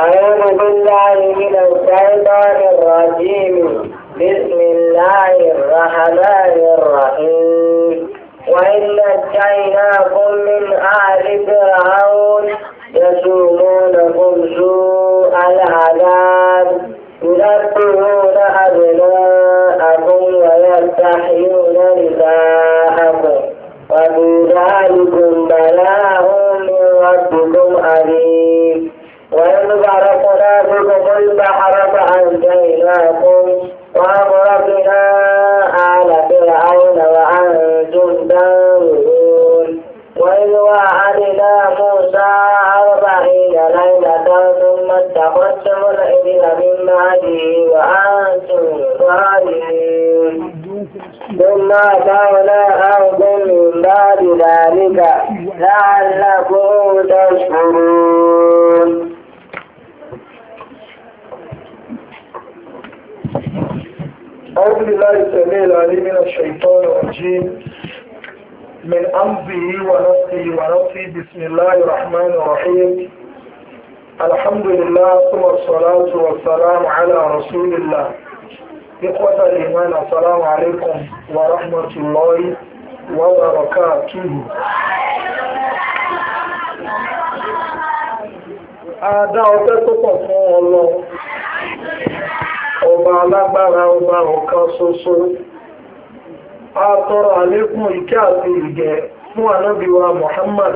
أعوذ بالله من الشيطان الرجيم بسم الله الرحمن الرحيم وإن نجيناكم من آل فرعون يسومونكم سوء العذاب يذبحون أبناءكم ويستحيون نساءكم وفي ذلكم بلاء من ربكم عليم وإن بعد صلاتكم ثم حرف وامر وأغرقنا على فرعون وأنتم تنظرون وإذ وعدنا موسى أربعين ليلة ثم اتخذتم الإبل من بعده وأنتم ظالمون ثم أتونا أرض من بعد ذلك لعلكم تشكرون أعوذ بالله السميع العليم من الشيطان الرجيم من أمزه ونفسه ونفسي بسم الله الرحمن الرحيم الحمد لله ثم الصلاة والسلام على رسول الله إخوة الإيمان السلام عليكم ورحمة الله وبركاته Adá ọpẹ́ tó ọba alágbára ọba ọ̀kan a tọrọ àlékún ìkẹ́ àti ìgẹ̀ fún anábíwa Muhammad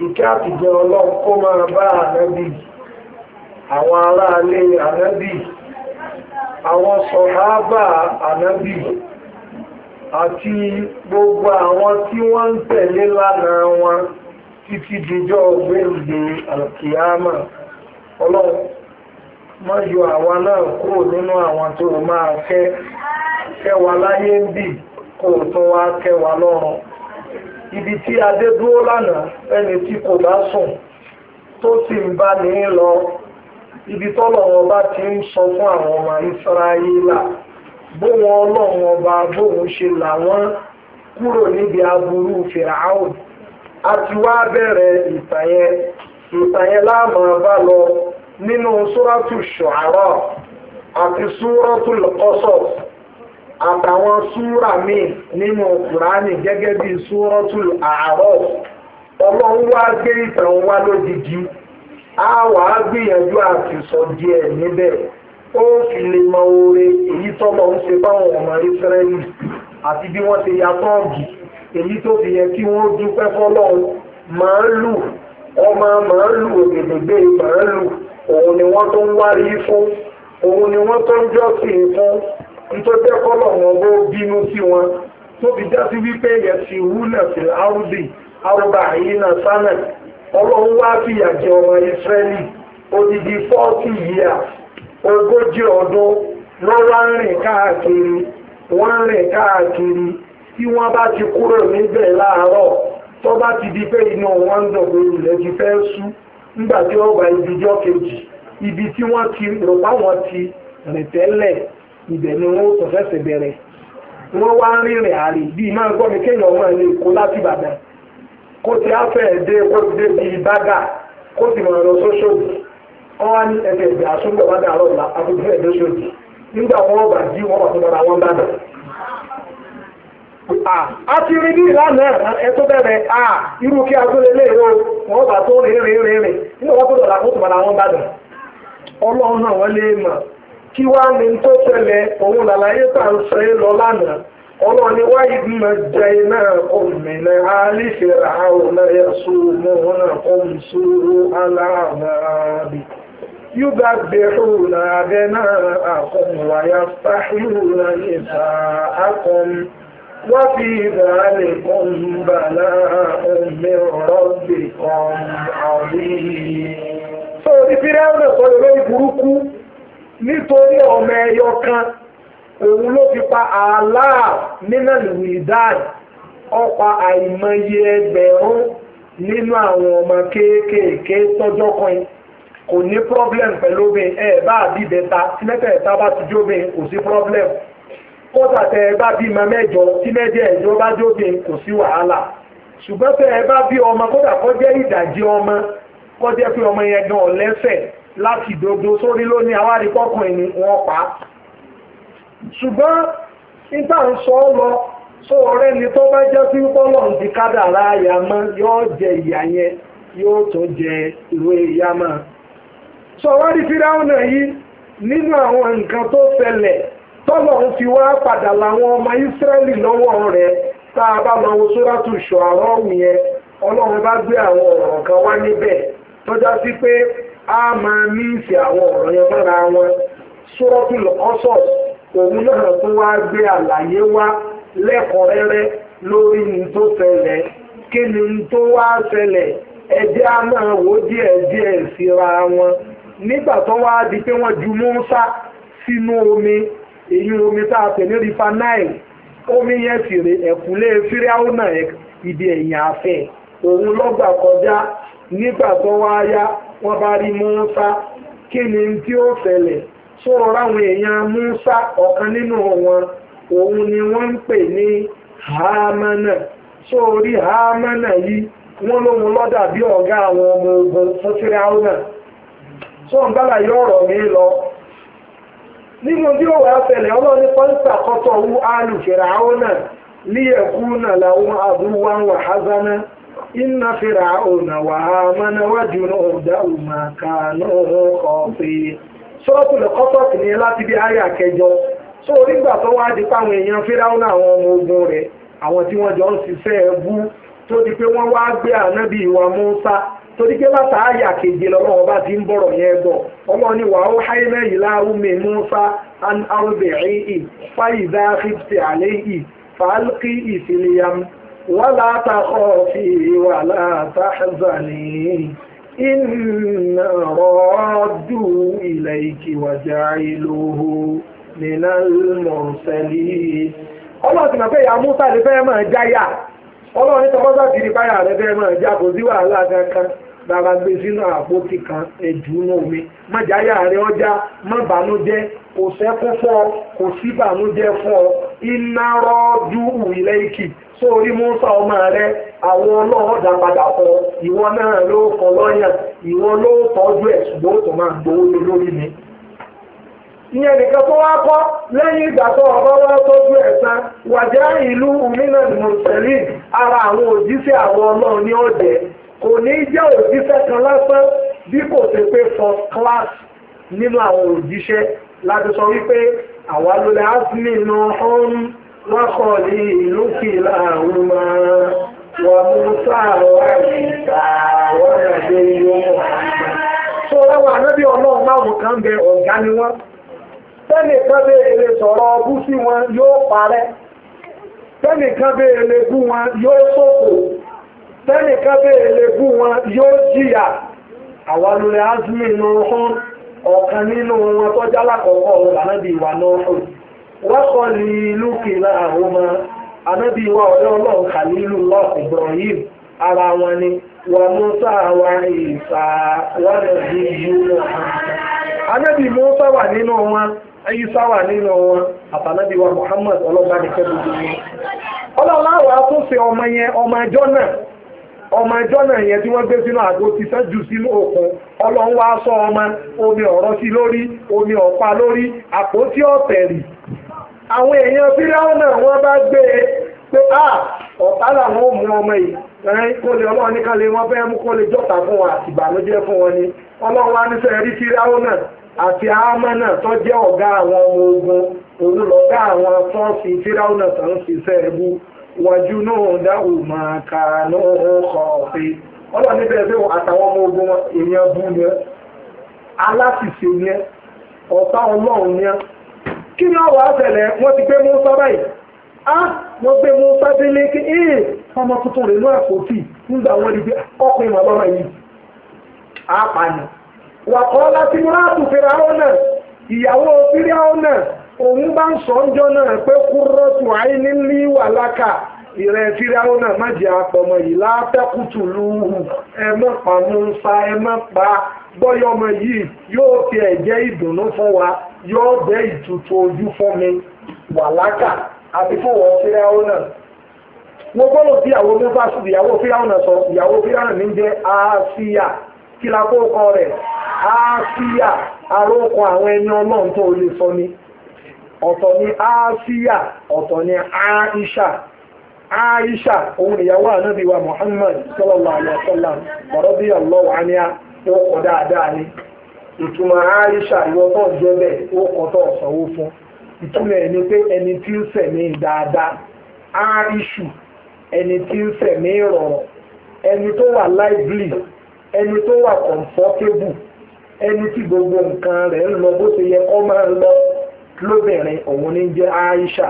ìkẹ́ kó bá àwọn sọ̀hábà ànábì àti gbogbo àwọn tí wọ́n ń tẹ̀lé lánàá wọn títí ọlọ́run má yọ àwa náà kúrò nínú àwọn tó o máa fẹ́ fẹ́ wa láyé ń bì kó o tún wá kẹ́ wa lọ́run ibi tí adé dúró lánàá ẹni tí kò bá sùn tó sì ń bá ní lọ ibi tọ́lọ̀ ọba ti ń sọ fún àwọn ọmọ Ísírẹ́lá bóun ọlọ́run ọba bóun ṣe làwọn kúrò níbi aburú Fìràáhùn a ti wá bẹ̀rẹ̀ ìtàn yẹn ìtàn yẹn láàmú ọba lọ nínú súrọ́tù ṣọ̀árọ̀ àti súrọ́tù lọ́sọ̀s àtàwọn súrà míì nínú kùránì gẹ́gẹ́ bí súrọ́tù àárọ̀ ọlọ́run wá gbé ìtàn wá lódìdí á wà á gbìyànjú àti sọ díẹ̀ níbẹ̀ ó fi lè mọ oore èyí tọ́lọ̀ ń ṣe báwọn ọmọ ìsírẹ́lì àti bí wọ́n ti ya tọ́ọ̀gì èyí tó fi yẹ kí wọ́n dúpẹ́ fọ́lọ́run màálù ọmọ màálù ògèdègbè màálù òun ni wọ́n tó ń wárí fún òun ni wọ́n tó ń jọ́sìn fún nítorí kọ́lọ̀ wọn bó bínú sí wọn tó fi já sí wípé yẹ̀sì wúnà sí áwùdì arúgbà yìí náà sánà ọlọ́run wá fìyà jẹ ọmọ ìsírẹ́lì odidi fọ́ọ̀tì yíà ogójì ọdún lọ́wọ́ ń rìn káàkiri wọ́n ń rìn káàkiri tí wọ́n bá ti kúrò níbẹ̀ láàárọ̀ tó bá ti di pé inú wọn ń dọ̀gbẹ̀rù lẹ́ti fẹ́ sú nígbà tí wọ́n gba kejì ibi tí wọn ti rò wọn ti rìn tẹ́lẹ̀ ibẹ̀ ni wọn wá rìnrìn bíi máa gbọ́ mi kéèyàn ọmọ ilé Èkó láti Ìbàdàn kó ti á fẹ́ dé kó ti bíi kó sì mọ̀ wá ní a ti rí bí ìlànà ẹ bẹ̀rẹ̀ a irú kí agbélé lè ro wọn bá tó rìn rìn rìn rìn nínú wọn tó dọ̀là fún tòmọ́lá wọn bá dùn ọlọ́run náà wọ́n lè mọ̀ kí wá ní tó tẹ̀lé òun làlàyé tá à ń sọ é lọ lánàá ọlọ́run ni wáyé mọ̀ jẹ́ iná àwọn aláàbí وفي ذلكم بلاء من ربكم عظيم sọ́ọ̀dí fíráúnà sọ lórí burúkú nítorí ọmọ ẹyọ kan òun ló fi pa àláà nínà lùwìdáì ọpa àìmọye ẹgbẹ̀rún nínú àwọn ọmọ kéékèèké tọ́jọ́ kan kò ní problem pẹ̀lú obìnrin ẹ̀ bá àbí ìbẹ̀ta tí mẹ́tẹ̀ẹ̀ta bá ti jóbìn kò sí problem kódà tẹ ẹ bí ma mẹjọ tí ẹjọ bá kò sí wàhálà ṣùgbọ́n tẹ bá bí ọmọ kódà kó ìdajì ọmọ kó pé ọmọ yẹn gan láti dodo sórí lónìí awárí kọkùnrin ni pa ṣùgbọ́n nígbà ń sọ ọ lọ sọ ni tó bá sí ń di sọ wá yìí nínú àwọn nǹkan tọ́lọ̀ ń fi wá padà làwọn ọmọ Ísírẹ́lì lọ́wọ́ rẹ̀ tá a bá wo sóràtù ṣọ̀ọ́rọ́ yẹn Ọlọ́run bá gbé àwọn ọ̀rọ̀ kan wá níbẹ̀ sí pé a máa ní ìsìn àwọn ọ̀rọ̀ yẹn mọ́ra wọn sóràtù lọ́kọ́sọ̀ òun náà tó wá gbé àlàyé wá lẹ́kọ̀ọ́rẹ́rẹ́ lórí ní tó ṣẹlẹ̀ kí ni tó wá ṣẹlẹ̀ a máa wò díẹ̀ díẹ̀ síra wọn nígbà tó wá di pé wọ́n ju èyí omi tá a tẹ̀lé rifa nile omi yẹn sì rè ẹ̀kúnlé fíráúnà ìdí ẹ̀yìn àfẹ́ òun lọ́gbà kọjá nígbà tó wá yá wọ́n bá rí Mùsá kí ni tí ó fẹlẹ̀ sọ̀rọ̀ ráwọn èèyàn Mùsá ọ̀kan nínú wọn òun ni wọ́n ń pè ní Hámánà sórí Hámánà yìí wọ́n lóhun lọ́dà bí ọ̀gá àwọn ọmọ ogun fún fíráúnà sọ̀ǹgbàlà yóò rọ̀ mí lọ nínú bí ó wà fẹ̀lẹ̀ ọlọ́ni pọ́ńtà kọ́tọ̀ wú áàlù fìràáúnà líyẹ̀kú nà láwọn àbúwá wà házánà iná wà ámánà wájú náà ọ̀dá òmàkà náà ọ̀fẹ́ sọ́ọ̀tùlẹ̀ kọ́tọ̀ sì ní láti bí àwọn jọ tó di pé wọ́n wá gbé ànábì ìwà torí pé látàáyà àkejì lọ́wọ́ ọba ti ń bọ̀rọ̀ yẹn bọ̀ ọmọ ni wàá ó háìlẹ̀ yìí láàrú mi Musa an arúbìnrin ì fáìdá fífì àlẹ́ ì fàálùkì ìfìlíyàm wọ́n láta kọ́ fi wà láta zàní iná rọ́ọ̀dù ilẹ̀ ìkìwàjà ìlòho nínà mọ̀ọ́sẹ̀lì. ọlọ́ọ̀tì náà pé ìyá Musa lè fẹ́ máa jáyà ọlọ́ọ̀ni tọkọ́sọ́ ti di báyà rẹ̀ fẹ́ máa já kò sí wàhálà kankan. rárá gbé sínú àpótí kan ẹ̀jú inú omi májàyà rẹ ọjà má bànújẹ́ kò sẹ́kún kò sí bànújẹ́ fún iná rọ́ọ́dú ìlẹ̀ ìkì sórí ọmọ rẹ àwọn ọlọ́ọ̀dà padà kọ ìwọ náà ló kọ lọ́yàn ìwọ tọ́jú ẹ̀ ṣùgbọ́n ó lórí mi ìyẹn nìkan tó wá kọ́ lẹ́yìn ìgbà tó ọ̀rọ̀ wàjá ara àwọn òjíṣẹ́ àwọn kò ní jẹ́ òjíṣẹ́ kan lásán bí kò ṣe pé first class nínú àwọn òjíṣẹ́ láti sọ wípé àwa ló lè ásìmì nà ọ́n lọ́kọ̀ ní ìlú kìlà àwọn ọmọ wọn mú sáà wọn rẹ̀ lé yóò wọ́n tẹ́nìkan béèrè fún wọn yóò jíyà àwọn lulẹ̀ azmi nù hàn ọ̀kan nínú wọn tó jálá kọ̀ọ̀kọ́ ọ̀rọ̀ ìwà náà hàn ni Musa wà nínú wọn nínú wọn àtànábì wa Muhammad ọlọ́gbà wọn ọmọ yẹn ọmọ ẹjọ́ ọmọ ẹjọ́ náà yẹn tí wọ́n gbé sínú àgbo ti sẹ́jù sínú òkun ọlọ́run wá sọ ọmọ omi ọ̀rọ̀ sí lórí omi ọ̀pá lórí àpótí ọ̀tẹ̀rì àwọn èèyàn fíráwọn náà wọ́n bá gbé e pé a ọ̀tá làwọn ò mú ọmọ yìí ẹ̀rín kó lè ọlọ́run ní kálẹ̀ wọ́n fẹ́ mú kó lè jọ́ta fún wọn àti ìbànújẹ́ fún wọn ni ọlọ́run wá níṣẹ́ rí fíráwọn náà àti àmọ́ náà tó jẹ́ ọ̀gá àwọn ọmọ ogun òun lọ́gá àwọn fọ́ọ̀sì fíráwọn náà tó ń ṣiṣẹ́ ẹ̀bú wàjúnú dáhù máa ka ní ọkọ̀ ọ̀fẹ́ ọlọ́run níbẹ̀ pé àtàwọn ọmọ ogun èèyàn bú ni ẹ aláṣìṣe ni ẹ ọ̀tá ọlọ́run ni ẹ kí ni ọwọ́ àtẹ̀lẹ̀ wọ́n ti gbé mọ́sá báyìí á wọ́n gbé mọ́sá délé kí ee ọmọ tuntun rẹ̀ ló àpótí nígbà wọn rí bí ọkùnrin màmá wa yìí á pa ni wàkọ́ láti múra ọ̀nà ìyàwó fíríà ọ̀nà òun bá ń sọ ọjọ́ náà pé kúrọ́tù àìní ní wàlákà ìrẹ̀ fíráwó náà má jẹ́ àpọ̀mọ yìí látẹ́kùtù ẹ ẹ pa bọ́yọ̀ ọmọ yìí yóò fi ẹ̀jẹ̀ ìdùnnú fún wa yóò bẹ́ ìtùtù ojú fún mi wàlákà àti fún wọn fíráwó náà wọ́n gbọ́dọ̀ ìyàwó sọ ìyàwó jẹ́ kí ọ̀tọ̀ ni aasiya ọ̀tọ̀ ni aisha aisha òun ìyàwó ànábì wa muhammad sallallahu alayhi wa sallam radiyallahu anha ó kọ dáadáa ni ìtumọ̀ aisha tó fún ìtumọ̀ pé ẹni tí aishu ẹni tí ń sẹ̀mí ẹni tó wà ẹni tó wà ẹni tí gbogbo nǹkan rẹ̀ ń lọ bó ṣe yẹ lóbìnrin òun ní jẹ́ Aisha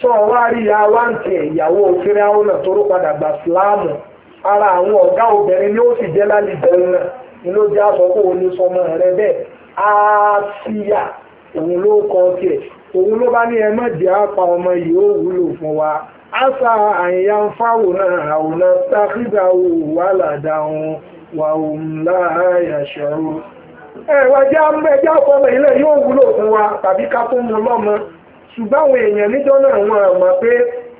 sọ wá rí ya wá ń tẹ ìyàwó fíráhùn náà tó rú ara àwọn ọ̀gá obìnrin ni ó sì jẹ́ lálejò náà ni ló jẹ́ rẹ bẹ́ẹ̀ Asiya òun ló kọ òun ló bá ní ẹ ọmọ yìí ó wúlò fún wa asa àyà ń àwòrán òwò wà ẹ̀wọ̀n ẹja ẹja fọmọ ilẹ̀ yóò wúlò fún wa tàbí ká fún mu lọ́mọ ṣùgbọ́n àwọn èèyàn níjọ́ náà wọn mọ̀ pé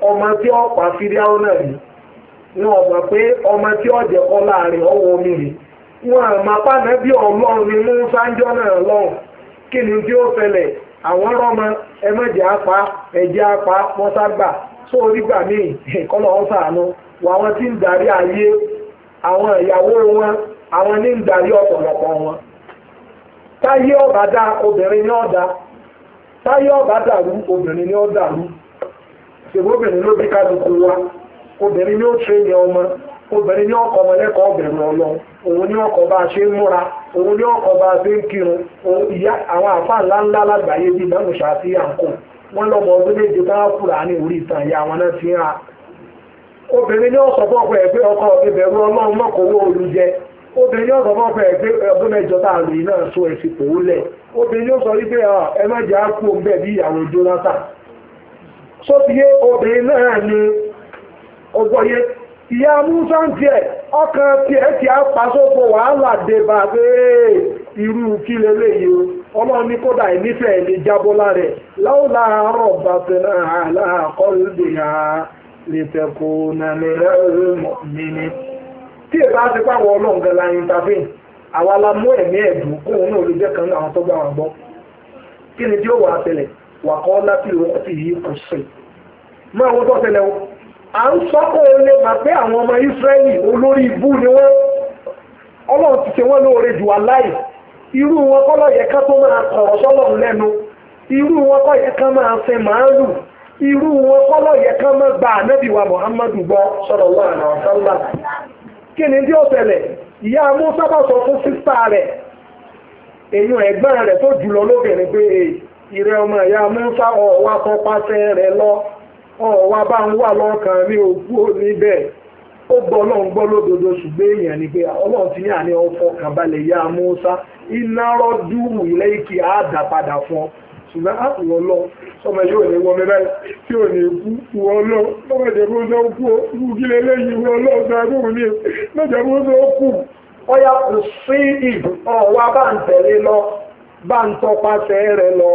ọmọ tí pa náà rí mọ̀ pé ọmọ tí ó jẹ́ kọ́ láàrin ọwọ́ omi rí wọ́n mọ̀ pàdé bí ọlọ́run ni mú sáńjọ́ náà lọ́hùn kí ni tí ó fẹlẹ̀ àwọn apá ẹ̀jẹ̀ apá mọ́ságbà míì àwọn tí ń darí táyé ọ̀bá dá obìnrin ní ọ̀dá táyé ọ̀bá dàrú obìnrin ní ọ̀dàrú ṣègbóbìnrin ló bí kálukú wa obìnrin ní ó tre ní ọmọ obìnrin ní ọkọ ọmọ lẹ́kọ̀ọ́ ọ̀bẹ̀rún ọlọ òun ní ọkọ bá ṣe ń múra òun ní ọkọ bá ṣe ń kírun ìyá àwọn lágbàáyé bíi sí ọdún méje bá ti obìnrin ọkọ bọ́ọ̀kọ ẹ̀gbẹ́ ọkọ ìbẹ̀rù ọlọ́run mọ́kòwó olùjẹ obìnrin ọ̀sọ̀ mọ́ fẹ́ ẹgbẹ́ ọdún mẹ́jọ tá lè náà so ẹ̀sìn kò ó lẹ̀ obìnrin ó sọ ẹ má jẹ́ bí ìyàwó Jonathan so ti yé obìnrin náà ni ọgbọ́yé ìyá Musa ń tiẹ̀ ọkàn tiẹ̀ ti á pa sóko wàhálà dé bá pé irú kí o ọlọ́run ní kódà lè jábọ́ láwùlà àárọ̀ tí èbá ti pa àwọn ọlọ́run gan la intervene àwa la mú ẹ̀mí ẹ̀dùn kóun náà lè jẹ́ kan àwọn tó gbà wọn gbọ́ kí ni tí ó wà á tẹ̀lẹ̀ wà kọ́ láti ti yí kò sí. tó tẹ̀lẹ̀ o à ń pé ọmọ olórí ibú ni wọ́n ọlọ́run ti ṣe wọ́n lóore jù wá láì irú wọn ká tó máa kọ̀rọ̀ sọ́lọ́run lẹ́nu irú wọn kọ́ yẹ ká máa fẹ́ màálù irú gba Muhammadu gbọ́ kí ni tí ó tẹ̀lẹ̀ ìyá Musa bá sọ fún sísá rẹ̀ èyàn ẹ̀gbọ́n rẹ̀ tó jùlọ lóbìnrin pé ìrẹ́ ọmọ ìyá Musa ọ̀wá kan pàṣẹ rẹ̀ lọ ọ̀wá bá ń wà lọ́kàn ní òkú níbẹ̀ ó gbọ́ ọlọ́run gbọ́ lódodo ṣùgbọ́n èèyàn ni pé ah, ọlọ́run ti ní àní ọ̀fọ̀ kàbalẹ̀ ìyá Musa iná rọ́dúrù ilé ìkì á dà padà fún ọ ṣùgbọ́n àtùwọ̀ lọ sọmọ yóò ní wọ́n mẹ́ta tí ò ní kú wọ́n lọ lọ́wọ́ ìjẹ̀bú tó kú ó kú kí lè wọ́n lọ sọ agbóhùn ní ìjẹ̀bú tó kú. ọyà kò sí ìbò ọwọ́ bá ń tẹ̀lé lọ bá ń tọpasẹ̀ rẹ̀ lọ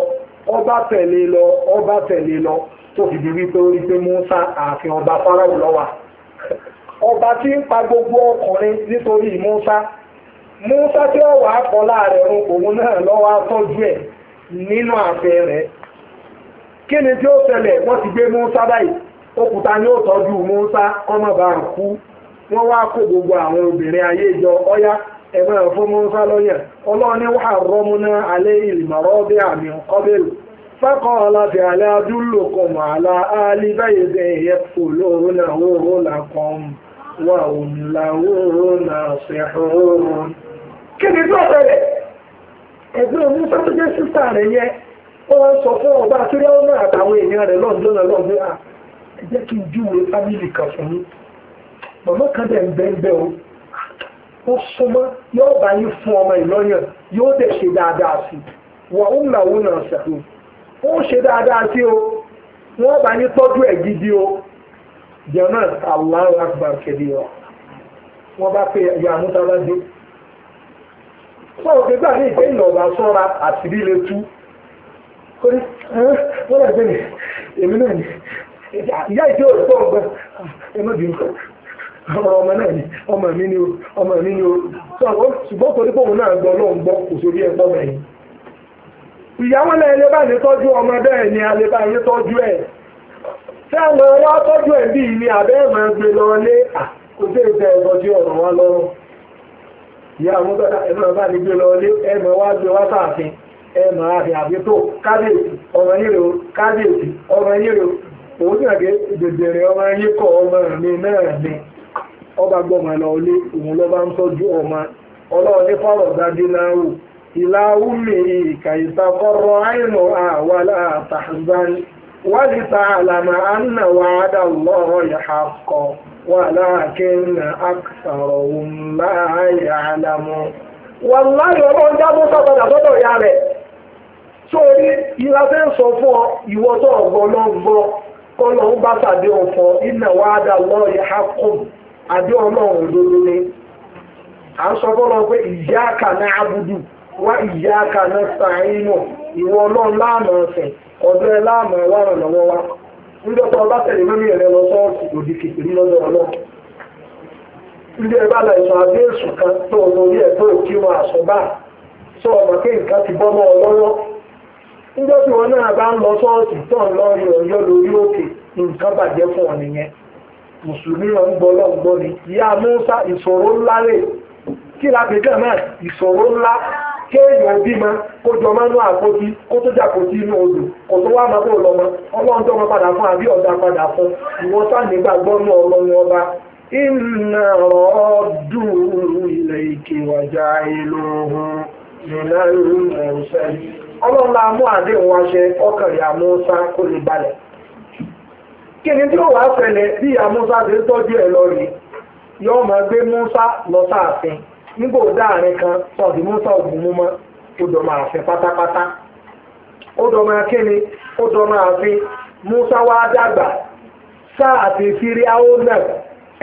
ọba tẹ̀lé lọ ọba tẹ̀lé lọ tó fi di wípé orí pé Musa ààfin ọba Fáráò lọ́wà ọba tí ń pa gbogbo ọkùnrin nítorí Musa Musa tí ó wàá kọ́ láàrẹ̀ òun náà lọ́wọ́ á ẹ̀ nínú àfẹ rẹ̀ kí ni tí ó ṣẹlẹ̀ wọ́n ti gbé Musa báyìí òkúta ni ó tọ́jú Musa ọmọ bàrùn kú wọ́n wá kó gbogbo àwọn obìnrin ayé jọ ọyá ẹ̀mọ́ ẹ̀fọ́ Musa lọ́yẹ̀ ọlọ́ọ̀ni wà rọ́múná alẹ́ ìlìmọ̀rọ́ bí àmì ọ̀kọ́bẹ̀rù fákọ̀ọ́lá fi alẹ́ adúlòkọ̀ mọ̀ àlá alíbẹ̀yẹ̀dẹ̀ ìyẹ́pọ̀ lóòrò náà wòrò làkàn ẹ̀gbọ́n mi sọ́tọ́jẹ́ sísá rẹ̀ yẹ ó wá ń sọ fún ọba akérèọ́ náà àtàwọn èèyàn rẹ̀ lọ́dúnrún lọ́dún à ẹ jẹ́ kí n júwe fámìlì kan fún mi màmá kan dẹ̀ ń bẹ́ńbẹ́ o ó súnmọ́ yóò bá yín fún ọmọ ìlọ́yàn yóò dẹ̀ ṣe dáadáa sí i wà ó ń làwọn náà ṣàkó ó ń ṣe dáadáa sí o wọ́n bá yín tọ́jú ẹ̀ gidi o jẹ̀mọ́ Allahu akbar kẹ́lẹ́ wa wọ́n bá pe ìyá àmúta bá dé wọ́n ò gbégbà ní ìgbé ìlọ̀gbà sọ́ra àti líle tú torí wọ́n lè gbé ní èmi náà ni ìyá ìdí òòrùn tó ń gbẹ ẹnu dì í ọ̀rọ̀ ọmọ náà ni ọmọ mi ni o ọmọ mi ni o ṣùgbọ́n torí pòun náà gbọ́ lóun gbọ́ kò sórí ẹ̀gbọ́n mẹ́yìn ìyàwó náà ẹlẹ́bà ní tọ́jú ọmọ bẹ́ẹ̀ ni alẹ́bà yí tọ́jú ẹ̀ tí àwọn ọwọ́ tọ́jú ẹ̀ bíi ni àbẹ́ẹ̀mọ̀ gbé lọ lé àkójẹ́ ìfẹ́ ẹ̀gbọ́n tí ọ̀rọ̀ wọn lọ́rùn ìyá àwọn tọ́ta ẹ̀mọ́ bá ní gbé lọ lé ẹ̀mọ́ wá gbé wá sáàfin ẹ̀mọ́ àfin ọmọ yìí rèé kábíyèsí ọmọ yìí rèé òun ọmọ yìí ọmọ mi náà ni ọba gbọmọ lọ lé òun lọ bá ń tọ́jú ọmọ ọlọ́run ní fọ́ọ̀rọ̀ dájú náà wò ìlà wúmi ìkàyíta kọ́rọ̀ àtàzán wájú ta ولكن أكثرهم لا يعلمون والله ọlọ́run jábọ́ sábàdà lọ́dọ̀ ìyá rẹ̀ sórí ìlà fẹ́ sọ fún ọ ìwọ tó ọgbọ́n lọ gbọ́ ń bá tàbí ọ̀fọ́ iná wa dà lọ ìhà kùn àbí ọlọ́run òdodo ni náà abudu wá nígbà tó ọba tẹ̀lé mẹ́mí rẹ̀ lọ sọ́ọ̀sì òdì kìkìrí lọ́dọ̀ ọlọ́ ilé ẹ̀ bá la ìsàn àbí èṣù kan tó ọmọ orí ẹ̀ tó kí wọn àsọ̀bá sọ ọmọ pé nǹkan ti bọ́ mọ́ ọ lọ́wọ́ nígbà tí wọn náà bá ń lọ sọ́ọ̀sì tó ń lọ rí ọ̀yọ́ lórí òkè nǹkan bàjẹ́ fún ọ nìyẹn mùsùlùmí ọ̀ ń gbọ́ lọ́gbọ́ ni ìyá Mùsá ìṣòro ńlá rè kí kéèyàn bímọ kó jọ mánú àpótí kó tó jàpótí inú odò kò tó wá máa bò lọmọ ọlọ́run tó mọ padà fún àbí ọ̀dà padà fún ìwọ́n sáà nígbàgbọ́ ní ọlọ́run ọba inna ilẹ̀ ìkè wàjà ìlòhùn ọlọ́run mú àdéhùn wa ṣe ọkàn Musa kó lè balẹ̀ kí ni tí ó Musa ti ń tọ́jú ẹ̀ lọ yóò máa nígbò dáàrin kan sọ̀dì mú sọ̀dì mú mọ́ ó dọ̀ máa fẹ́ pátápátá ó dọ̀ máa kíni ó dọ̀ máa fi Musa wá dàgbà sáà àti fírí áónà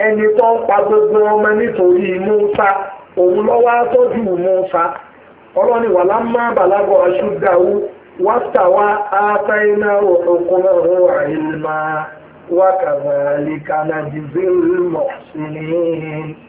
ẹni tó ń pa gbogbo ọmọ nítorí Musa òun lọ́wọ́ tọ́jú Musa ọlọ́ni wà lámà bàlágọ̀ aṣúgbàwú wátàwá átáyínà òkúnrún àìlmà wákàtà àlìkànà jìbìrì mọ̀sílẹ̀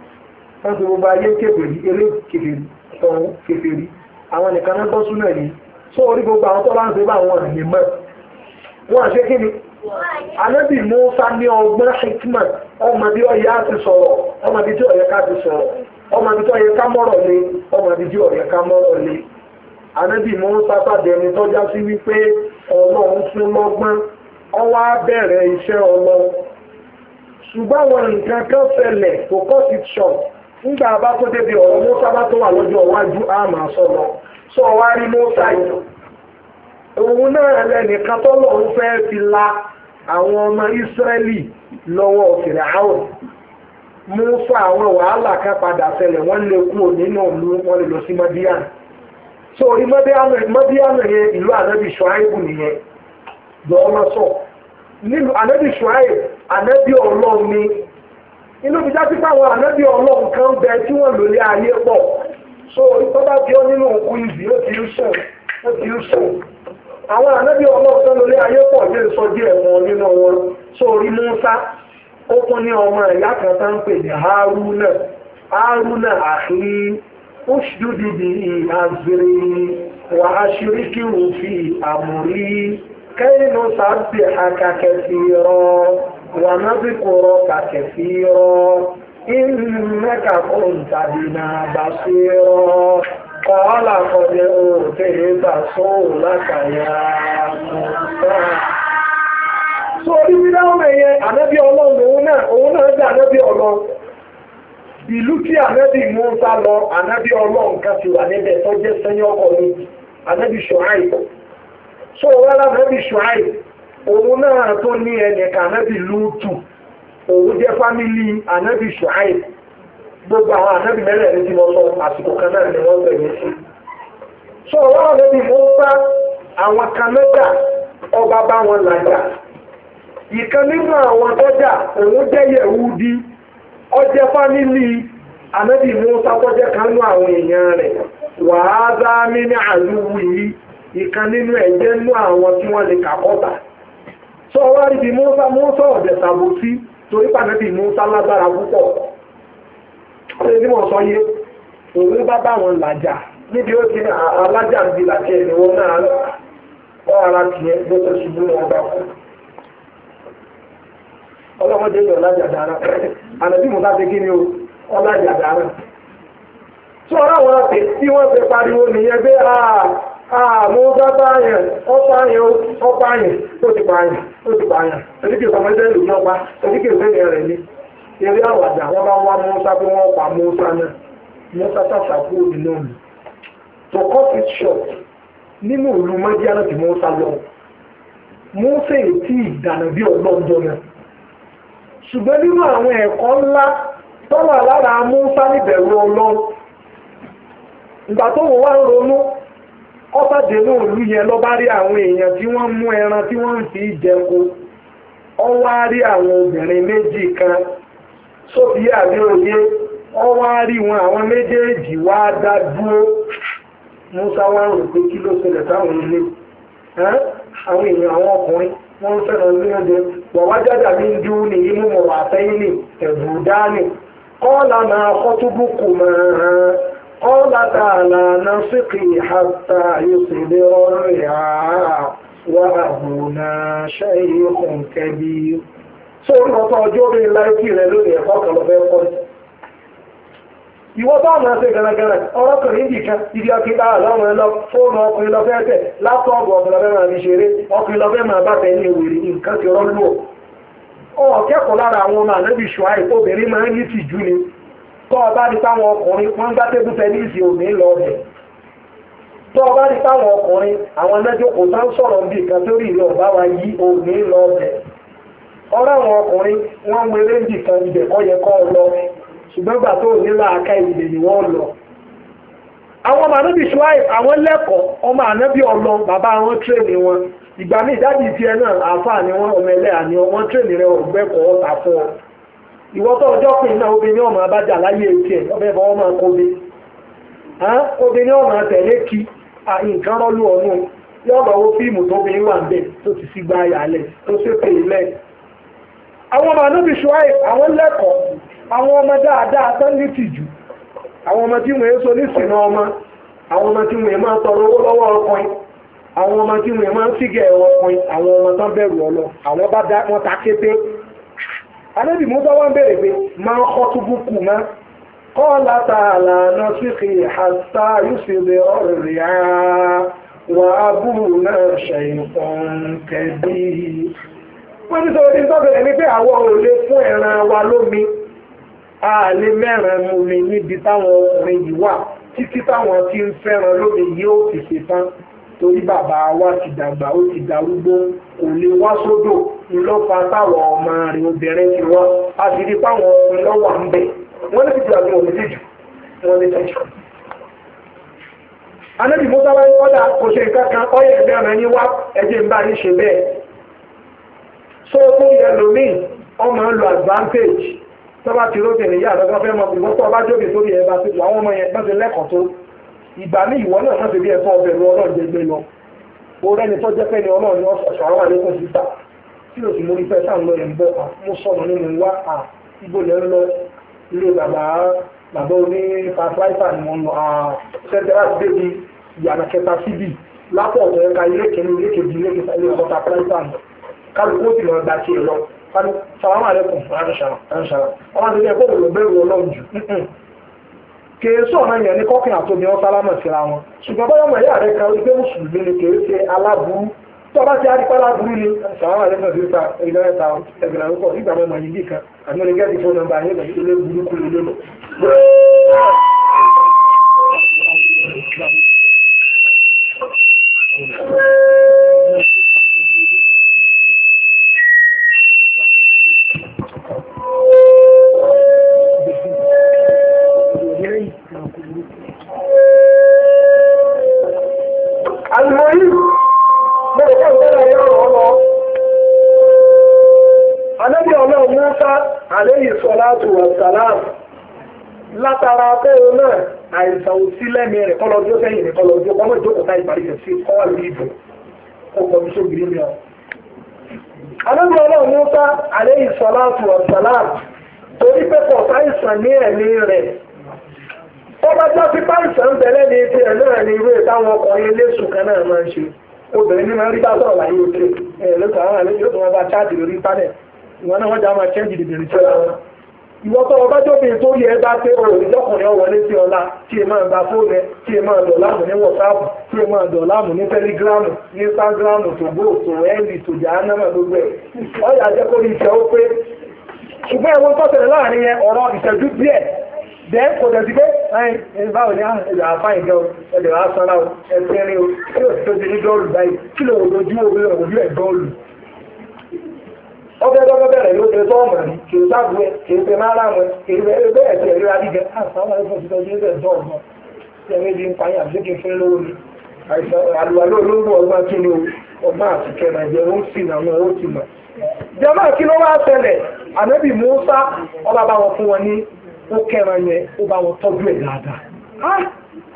wọ́n fi gbogbo ayé kèfèrí eré kèfèrí ọ̀hún kèfèrí àwọn nìkan náà gbọ́ súnà yìí tó orí gbogbo àwọn tó bá ń ṣe bá àwọn àyè mọ́ wọ́n ṣe kí ni anábì Mùsá ní ọgbọ́n hikman ọmọdé ọ̀yẹ́ á ti sọ̀rọ̀ ọmọdé tí ọ̀yẹ́ ká ti sọ̀rọ̀ ọmọdé tí ọ̀yẹ́ ká mọ́rọ̀ lé ọmọdé tí ọ̀yẹ́ ká mọ́rọ̀ lé anábì Mùsá sàdẹni tọ́já sí wípé ọlọ́run fún lọ́gbọ́n ọwọ́ á bẹ̀rẹ̀ iṣẹ́ ọlọ́run nígbà bá tó débi ọ̀rọ̀ tó wà lójú ọ̀wájú àmà sọ̀rọ̀ sọ wá rí mọ́sá yìí òun náà fẹ́ fi la àwọn ọmọ ìsírẹ́lì lọ́wọ́ òkèrè àwọn mọ́sá àwọn wàhálà kan padà sẹlẹ̀ wọ́n lè kú lè lọ sí mọ́díàn so orí mọ́díàn ìlú ànábì inú mi já sí fáwọn ànábì ọlọ́run kan ń bẹ tí wọ́n lòlẹ́ ayé pọ̀ so ìtọ́ba bí ó nínú òkú ìzì ó ti sùn ó ti sùn àwọn ànábì ọlọ́run kan lòlẹ́ ayé pọ̀ lè sọ díẹ̀ wọn nínú wọn so orí Mùsá ó kún ní ọmọ ẹ̀yà kan tá ń pè ní Haruna Haruna àfi oṣùdúdú bí àzèrè wà aṣíríkì òfin àmúrí kẹ́yìn ló ń pè àkàkẹ́ fi rán. ونذكرك كثيرا إنك كنت بنا بصيرا قال قد أوتيت سؤلك يا موسى sórí wíwá ọmọ ẹ̀yẹ ànábì ọlọ́run òun náà òun náà jẹ́ ànábì ọlọ́run ìlú tí anabi Mùsá lọ ànábì ọlọ́run kan wà tó mi òun náà tó ní ẹnìkan ànábì lúùtù òun jẹ́ fámílì gbogbo àwọn ànábì mẹ́rẹ̀ ní tí mo sọ àsìkò kan náà ni wọ́n bẹ̀rẹ̀ sí. sọ wọ́n bá àwọn ọba bá wọn làjà ìkan nínú àwọn tọ́jà òun jẹ́ ọjẹ́ fámílì àwọn èèyàn rẹ̀ wàá mí ní ìkan nínú ẹ̀jẹ̀ sọ wá rí bí mọ́sá mọ́sá ọ̀dẹ̀ tàbó sí torí pàdé bí mọ́sá lágbára púpọ̀ ṣe ní wọ́n sọ yé òun bá bá wọn làjà níbi ó ti alájà ń ni náà ọ ara tiẹ̀ ló ti ṣubú wọn bá kú ọlọ́mọdé yọ lájà dára ànàbí mọ́sá ti kí ni o ọlájà dára tí tí wọ́n pariwo nìyẹn mọ́sá ọ̀pá yẹn ti ó ti pààyàn oníkè sọmọdé ìlú náà pa oníkè ìwé rẹ̀ ni eré àwàdà wọn bá wá bí pa to cut it short ṣùgbọ́n nínú àwọn ẹ̀kọ́ lára mọ́sá níbẹ̀rù ọbàdélé òlu yẹn lọ bá rí àwọn èèyàn tí wọ́n mú ẹran tí wọ́n fi jẹko ọ wá rí àwọn obìnrin méjì kan sófì àbíòye ọ wá rí wọn àwọn méjèèjì wá dá dúró musa wá rò pé kí ló ṣẹlẹ̀ táwọn ilé àwọn èèyàn àwọn ọkùnrin wọn ń fẹ́ràn ní oúnjẹ wàwájádà mi ń dúró ní imú mọ̀rọ̀ àtẹ́yìn ní ẹ̀bùrú dání kọ́ọ̀lá máa kọ́ tó bùkù máa قال تعالى نسقي حتى يصدر الرعاء وأهنا شيخ كبير sórí ọ̀tọ̀ ọjọ́ orí láìpì rẹ̀ lónìí ẹ̀kọ́ ìwọ bá àwọn ẹsẹ̀ gẹ́gẹ́rẹ́ ọ̀rọ̀ kan níbi kan ibi akíta àláwọn ẹlọ fóònù ọkùnrin lọ́fẹ́ tẹ̀ látọ̀ọ̀bù ọkùnrin lọ́fẹ́ máa fi ṣeré ọkùnrin máa bá ìwèrè nǹkan ti lù lára àwọn ọmọ máa ń ni tọ́ ọba di táwọn ọkùnrin wọ́n ń gbá òní di táwọn ọkùnrin àwọn ẹlẹ́jọ́kọ̀ kò tán sọ̀rọ̀ bí torí tó rí ìlú ọ̀bá wa yí òní ọ̀rọ̀ àwọn ọkùnrin wọ́n mú eré bì kan ibẹ̀ kọ́ yẹ kọ́ lọ lọ àwọn ọmọ àwọn lẹ́kọ̀ọ́ ọmọ ànábì ọlọ bàbá wọn tírèmì wọn ìgbà míì dájú ìdí ẹ náà àáfàá ni wọn ọmọ fún ọ ìwọ́tọ̀ tó ọjọ́ pè náà obìnrin ọmọ abájà láyé etí ẹ̀ ọbẹ̀ bọ́ ọmọ kóbe obìnrin ọmọ tẹ̀lé kí nǹkan rọ́lú ọ̀nù yọ̀bọ̀ fíìmù tó bí wà níbẹ̀ tó ti sí gba àyàlẹ̀ tó ṣépè àwọn ọmọ àwọn lẹ́kọ̀ọ́ àwọn ọmọ dáadáa àwọn ọmọ tí wọ́n so tọrọ owó lọ́wọ́ ọkùnrin àwọn ọmọ tí wọ́n máa ọmọ tán bẹ̀rù ọlọ àwọn bá dá anábì musa wá ń bèrè pé máa ń kọ́ túbú kù mọ́ kọ́ọ̀lá ta àlànà síkì àtà yùsùlẹ̀ ọ̀rẹ̀ á wà á búrú náà ṣẹ̀yìnkan kẹ́bí. wọ́n ti sọ orí sọ́bẹ̀rẹ̀ ni pé àwọn ò lè fún ẹran wa lómi a lè mẹ́ran mu mi níbi táwọn ọkùnrin yìí wà títí táwọn ti ń fẹ́ràn lómi yìí ó fi ṣe tán torí bàbá wa ti dàgbà ó ti darúgbó kò lè wá sódò ńlọ́fà táwọn ọmọ rẹ̀ obìnrin ti wá a sì rí páwọn ọkùnrin lọ́wọ́ à ń bẹ̀ wọ́n lè ti àgbẹ̀ òní tìjú wọ́n lè tẹ̀jú. anábì musa wáyé ọ̀dà kò ṣe nǹkan kan ọ̀yẹ̀ ẹ̀gbẹ́ ọ̀nà yín wá ẹ̀jẹ̀ ń bá yín ṣe bẹ́ẹ̀. sọ fún ẹlòmíì ọmọ ń lo advantage tọ́ba ti róbìnrin yá àtọ́gbọ́n fẹ́ mọ ìgbà ní ìwọ náà mọ̀tò bí ẹ̀fọ́ ọbẹ̀ lu ọlọ́run jẹgbẹ́ lọ orí ẹni tó jẹ́ pé ni ọlọ́run ni ọ̀sán ṣàwọn àlékún síta tí o sì mórí fẹ́ẹ́ sáà lọ ẹ̀ ń bọ̀ mú sọ̀nà nínú wá à ibo lẹ́ ń lọ ilé bàbá bàbá oní fàfáìfà ni mo ń lọ sẹ́ńtẹ́rà débi ìyànà kẹta síbì lápò ọ̀tọ̀ ẹ̀ka ilé kẹni ilé kejì ilé kẹta ilé ọ̀tọ̀ fàfáìfà ni kálukú ó sì lọ gba tiẹ̀ lọ sàwọn àlékún ránṣẹ́ ránṣẹ́ ọmọ kèésù ọmọ yẹn ní kọ́kìn àtòmí ọ́ sálámà síra wọn ṣùgbọ́n bọ́lá ọmọ ẹ̀yà rẹ̀ kan wípé mùsùlùmí ni kèé ṣe aláburú tó bá ti arípa aláburú ni sàwọn àlẹ́ náà ti ta ẹgbẹ̀rún ta ẹgbẹ̀rún àrùkọ nígbà mẹ́mọ̀ yìí bì kan àmì oníkẹ́ ti fún nọ́mbà yẹn lọ ilé burúkú ló lọ. Thank you. àléyìn sọláàtù ọ̀sálàm látara bẹ́ẹ̀ náà àìsàn òsí lẹ́mí rẹ̀ kọ́ sẹ́yìn kọ́ ìparí rẹ̀ sí ìbò kọ́ mi ọ. àlejò ọlọ́run ló bá àléyìn sọláàtù ọ̀sálàm torí pé kò sáìsàn ní ẹ̀mí rẹ̀ tọ́ba jọ́ sí páìsàn ń bẹ̀rẹ̀ ní etí ẹ̀ náà ní ìwé ọkùnrin kan náà máa ń ṣe obìnrin ní ìwọ náà wọ́n jà máa ṣẹ́ǹjì dìbìrì tí ọ̀la wọn. ìwọ tó ọba jóbìn tó yẹ bá pé o rí lọ́kùnrin ọ̀wọ́lé sí ọ̀la tí ẹ máa gba fóònù ẹ ẹ máa dọ̀ ní wọ̀sáàpù tí ẹ máa dọ̀ ní tẹ́lígíráàmù ní instagram tògbó tó ẹ́ẹ̀lì tòjà ánámà gbogbo ẹ̀ ọ̀yà jẹ́ kó ní ìṣẹ́ ó pé ṣùgbọ́n ẹ̀wọ̀n tó tẹ̀lé láàrin yẹn ọ̀rọ̀ ìṣẹ́jú díẹ̀ dẹ́ kò dẹ̀ sí pé ẹ̀yìn báwo ni ẹ̀lẹ̀ àfá ìjọ ẹ̀lẹ̀ àṣọ́ra ẹ̀sẹ̀ rí o kí ló ti tó ti ní dọ́ọ̀lù báyìí kí ló wò lójú òwúrọ̀ òwúrọ̀ ẹ̀ dọ́ọ̀lù ọbẹ̀ dọ́gbẹ́ bẹ̀rẹ̀ ló tẹ sọ́ọ̀mù rí kì í sáàbù kì í wọn kì í àtàwọn ah, lówó ni àlùwà ló ló ń ọgbà kí ni ọgbà ó sì nà wọn ó kí ló ọba bá wọn fún wọn ní ó yẹn ó bá wọn tọ́jú ẹ̀ dáadáa ah!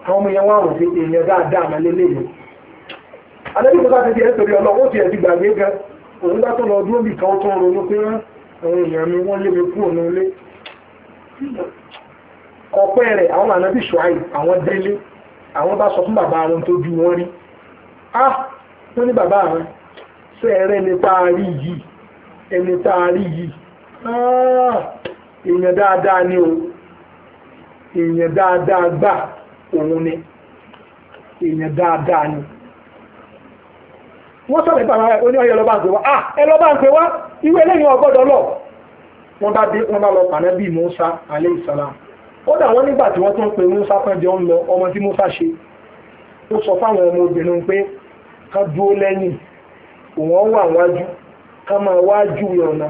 àwọn ọmọ yẹn wá òun bá tó lọ dúró bì kan tó ronú pé àwọn èèyàn mi wọ́n lé mi kúrò ní ilé ọpẹ́ rẹ̀ àwọn ànábì ṣùáì àwọn délé àwọn bá sọ fún bàbá wọn tó ju wọn rí ah wọ́n ní bàbá rẹ̀ ṣe ẹ̀rẹ́ ẹni tá a rí yìí ẹni tá a rí yìí ah èèyàn dáadáa ni o èèyàn dáadáa gbà òun ni èèyàn dáadáa ni wọ́n sọ̀rọ̀ nípa àwọn oní ọyọ lọ́ba ń pè wá à ẹ lọ́ba ń pè wá ìwé lẹ́yìn ọgbọ́dọ̀ lọ. wọ́n bá dé wọ́n bá lọ pàdé bíi Musa alayhi salam ó dà wọ́n nígbà tí wọ́n tún pe Musa pẹ́ jọ ń lọ ọmọ tí Musa ṣe ó sọ fáwọn ọmọ obìnrin pé ká dúró lẹ́yìn òun wà wájú ká máa wájú ọ̀nà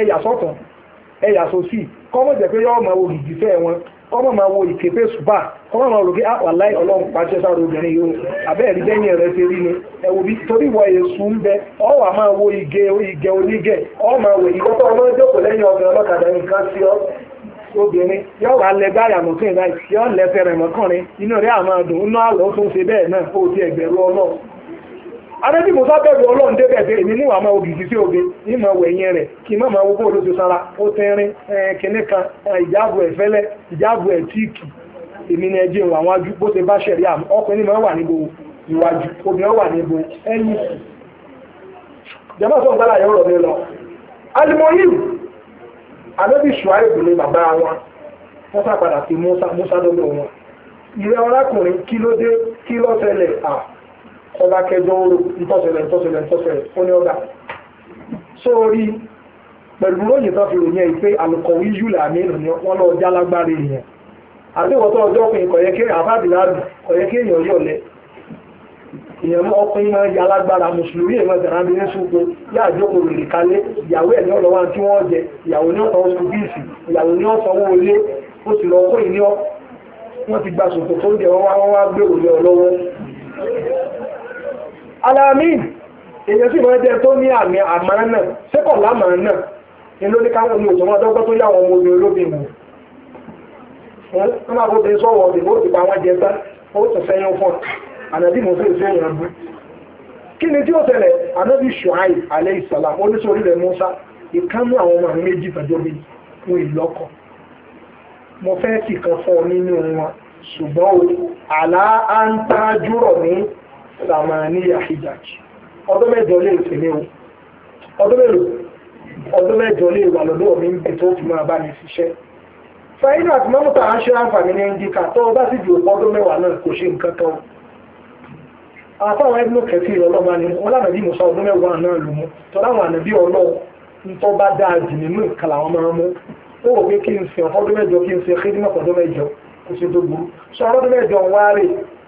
ẹ̀yà sọ́tàn ẹ̀yà sósì kọ́mọ̀jẹ̀ pé yọ ọmọ ma wo ikepe ṣùgbà ọmọ máa rò pé àpàláì ah, ọlọ́run pàṣẹ sára obìnrin yìí o àbẹ́ẹ̀rí bẹ́yìn rẹ̀ ṣe rí ni ẹ̀wò bí torí wọ èṣù ń bẹ wo ìgẹ ìgẹ onígẹ ọmọ àwẹ̀ ìkọ́tọ̀ ọmọ jókòó lẹ́yìn ọbẹ̀ ọlọ́kadà nǹkan sí ọ obìnrin yóò wá yóò lẹ inú rẹ̀ àmọ́ ún náà lọ́ ṣe adébí musa bẹ̀rù ọlọ́run dé bẹ̀rẹ̀ èmi níwà máa obì sí sí obe ní máa wẹ̀ yẹn rẹ̀ kí má máa wo bóòlù tó sara ó tẹ́rín kínní kan ìjáàbù ẹ̀ fẹ́lẹ́ ìjáàbù ẹ̀ tíìkì èmi ni ẹjẹ́ wà wájú bó ṣe bá ṣẹ̀rí àmọ́ ọkùnrin máa wà níbo ìwájú obìnrin wà níbo ẹ̀yìn. jẹ́mọ́ sọ̀rọ̀ gbọ́dọ̀ yẹn rọ̀ mi lọ ọba kẹjọ oró ìtọ́sẹ̀lẹ̀ ìtọ́sẹ̀lẹ̀ ìtọ́sẹ̀lẹ̀ ó ní ọ̀dà sórí pẹ̀lú lóyìn tó fi rò yẹn pé alùkọ̀wé yúlẹ̀ àmínú ni wọ́n lọ já lágbára èèyàn àdéhùwọ́tọ́ ọjọ́ ọkùnrin kọ̀yẹ́kẹ́ àbábìláàbì kọ̀yẹ́kẹ́ èèyàn yọ̀lẹ̀ èèyàn ọkùnrin máa ń ya lágbára mùsùlùmí èèyàn tẹ̀rábí ní ṣùgbọ́ yá àjókò rèé kalẹ̀ ìyàwó ẹ̀ ní ọlọ́wọ́ tí wọ́n jẹ ìyàwó ní ọ̀tọ̀ oṣù bíìsì ìyàwó ní ọ̀sán owó ilé ó sì lọ kó ìní ọ wọ́n ti gba ṣòkò tó ń jẹ wọ́n wá gbé òwe ọlọ́wọ́ alamin èyàn sì máa jẹ tó ní àmì àmàrán náà sẹ́kọ̀ lámàrán náà ni ló ní káwọn ní òṣèwọ́n adọ́gbọ́ tó yá àwọn ọmọ obìnrin olóbìn mú wọn máa bó ti sọ̀wọ́ ọ̀dìn ó ti pa àwọn jẹta ó ti sẹ́yìn fún ànàbí mo sì sí èèyàn bú kí ni tí ó ṣẹlẹ̀ ànábì ṣùháì alẹ́ ìsàlá oníṣòrí rẹ̀ Mùsá ìkánú àwọn ọmọ àwọn méjì tọ́jọ́ bí fún ìlọ́kọ̀ mo fẹ́ kìkan fọ́ nínú wọn ṣùgbọ́n àlá á ń tájúrọ̀ ní ramaniya hijaj ọdún mẹ́jọ lè tẹ̀lé o ọdún mélòó ọdún mẹ́jọ lè wà lọ́dọ̀ ń bẹ̀ tó fi máa bá ṣiṣẹ́ àti mọ́mútà àǹfààní ní ndíkà tó bá sì ju ọdún mẹ́wàá náà kò ṣe nǹkan tán àtàwọn ẹbí ló ni wọn lànà bí musa ọdún mẹ́wàá náà mú tọ́láwọn ntọ́ bá dáa jù nínú ìkàlà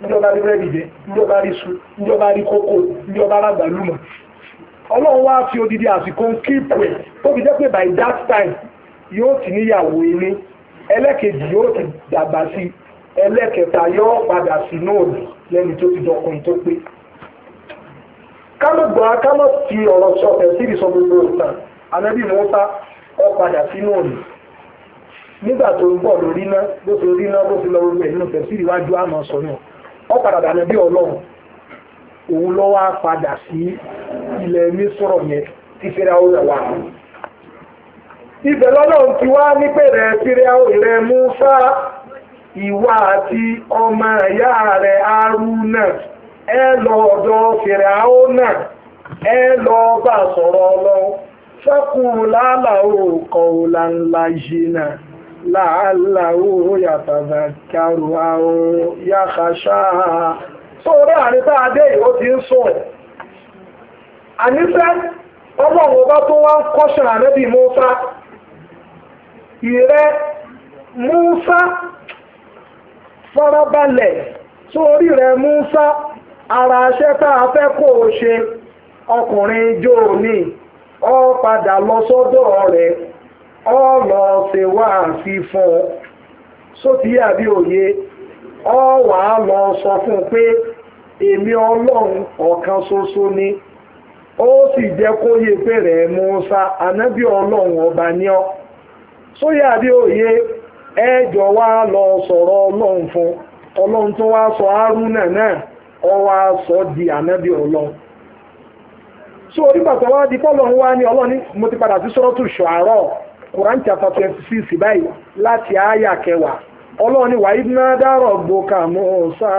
ndị ọba rí rẹ́rìjẹ ndị ọba rí su ndị ọba ndị ọba ọlọ́run wá fi odidi àsìkò ń tó fi jẹ́ by that time yóò ti níyàwó ilé ẹlẹ́kejì yóò ti dàgbà sí ẹlẹ́kẹta yóò padà sí tó ti tó pé ti ọ̀rọ̀ sọ̀tẹ̀ sí ìsọ gbogbo ìtàn ọ padà sí nígbà tó ń bọ̀ lórí náà bó ti gbogbo ó padà dànù bí ọlọ́run òun lọ wá padà sí ilẹ̀ ní sọ̀rọ̀ yẹn tí fẹ́rẹ́ àwọn wà. ibẹ̀ lọ́lọ́run ti wá ní pé rẹ̀ fẹ́rẹ́ rẹ̀ Mùsá ìwà àti ọmọ ìyá rẹ̀ Haruna ẹ lọ ọ̀dọ̀ fẹ́rẹ́ àwọn náà ẹ lọ bá sọ̀rọ̀ ọlọ́run fẹ́kùn lálàó kọ̀ọ̀lá yìí náà. láàláwò yàtàzà kàrò àwọn yàkàṣà sórí àríta adé ìwó ti ń sùn àníṣẹ́ ọlọ́run ọba tó wá ń kọ́ṣàn ànábì Mùsá ìrẹ́ Mùsá farabalẹ̀ sórí rẹ̀ Mùsá ara ṣe ọkùnrin jóòní ọ padà lọ sọ́dọ̀ rẹ̀ ọ̀lọ́ ṣe wá sí fún ọ sóti àbí òye ọ̀wà lọ sọ fún pé èmi ọlọ́run ọ̀kan ṣoṣo ni ó sì jẹ́ kó yé pé rẹ̀ Mùsá ànábì ọlọ́run ọba ní ọ sóyè àbí òye ẹjọ́ wá lọ sọ̀rọ̀ ọlọ́run fún ọlọ́run tó wá sọ Hárúnà náà ọ wá sọ di ànábì ọlọ́run so orí bàtà wá di pọ́lọ́run wá ní ọlọ́run mo ti padà sí sọ́rọ́tù ṣọ̀ àárọ̀ Quran chapter twenty six bayi láti àyà kẹwàá ọlọ́run ni wàá iná dárọ̀ gbòkà Mùsá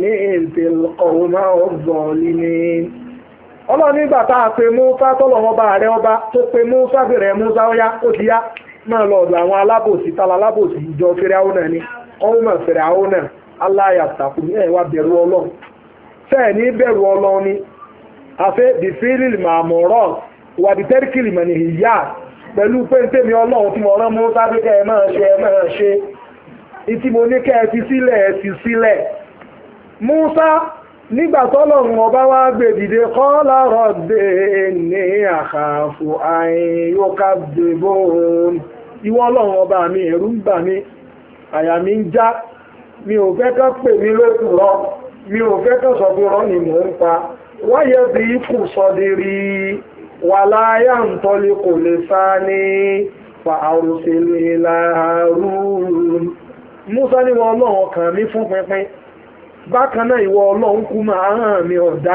ní èdè ọ̀rọ̀mà ọ̀gbọ̀nlì ni. ọlọ́run nígbà tá a pe Mùsá tọ́lọ̀ ọba rẹ ọba tó pe Mùsá bẹ̀rẹ̀ Mùsá ọ̀yá ó ti yá máa lọ ọ̀dọ̀ àwọn alábòsí tala alábòsí ìjọ fèrè àwọn náà ni ọ̀hún fèrè pẹ̀lú pé ń tèmi ọlọ́run tí mo rán mú sábẹ́kẹ́ ẹ máa ṣe ẹ máa ṣe ìtí mo ní kẹ́ ẹ fi sílẹ̀ ẹ fi sílẹ̀ Musa nígbà tọ́lọ́run ọba wá gbé dìde kọ́ lárọ̀ dé ní àkàfù àyìn yóò ká dèbò ìwọ ọlọ́run ọba mi ẹ̀rù ń bà mí àyà mi ń já mi ò fẹ́ ká pè mí lókù rọ mi ò fẹ́ ká sọ̀bù rọ ni mò ń pa wáyé bí kù sọ́dẹ̀rì wàlá yà ń tọ́lé kò lè sá ní fàárùsẹ̀lẹ̀ ìlàrúurú Musa ní wọn ọlọ́run ọkàn mi fún pínpín bákan náà ìwọ ọlọ́run kú máa hàn mí ọ̀dá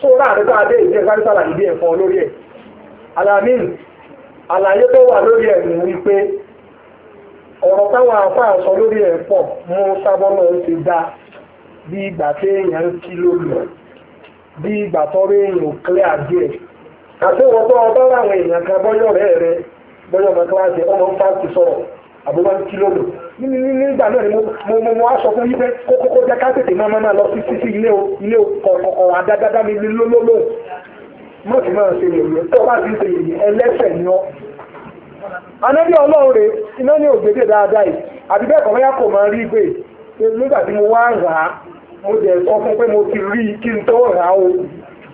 tó ráàrin tó ìjẹ́ kárísàlà ìdí ẹ̀fọn lórí ẹ̀ alamin àlàyé tó wà lórí ẹ̀ ní wípé ọ̀rọ̀ táwọn àfáà sọ lórí ẹ̀ pọ̀ Musa bọ́lọ̀ ń ti dá bí ìgbà téèyàn ń kí lórí bí ìgbà tọ́rọ èèyàn clear díẹ̀ àtẹwọ́tọ́ ọba láwọn èèyàn kan bọ́yọ̀ rẹ̀ rẹ̀ bọ́yọ̀ ọmọ kíláàsì ọmọ ń fáàkì àbúrò nígbà náà ni mo mo mo aṣọ fún yípe lọ sí ilé o ilé o mi ní lólólò mo ti máa ṣe yèyé tó bá ti ṣe yèyé ni anábì ọlọ́run rè iná ní ògbédè dáadáa yìí àbí bẹ́ẹ̀ kọ́ máa rí nígbà tí mo wá rà á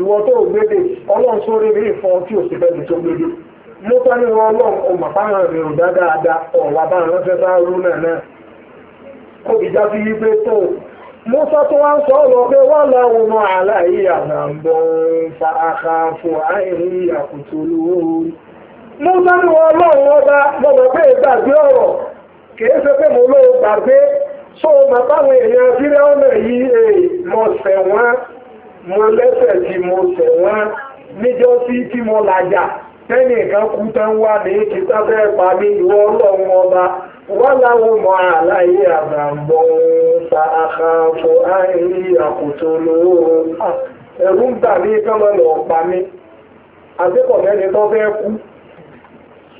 ìwọ tó gbédè ọlọ́run sórí rí ìfọn tí ò sì fẹ́ tó gbédè mo tọ́ ní wọn ọlọ́run ọmọ fáwọn èrò dáadáa ọ̀wà bá ń bá rú náà náà kò ìjà fi yí pé tó mo sọ tó wá ń sọ lọ pé wọ́n lọ wọn mọ àlàyé àná ń àìrí àkùtù olówó mo wọn mo lẹ́sẹ̀ tí mo ṣẹ̀ wọ́n níjọ́ sí tí mo làjà tẹ́nì kan kú tán wá ní kìtá fẹ́ pa mí ìwọ ọlọ́run ọba wọ́n láwọn mọ àlàyé àbàmọ́ ta àkàfo àìrí àkótó lówó ẹ̀rú ń bà mí kán lọ pa mí àdékọ̀ mẹ́ni tó fẹ́ kú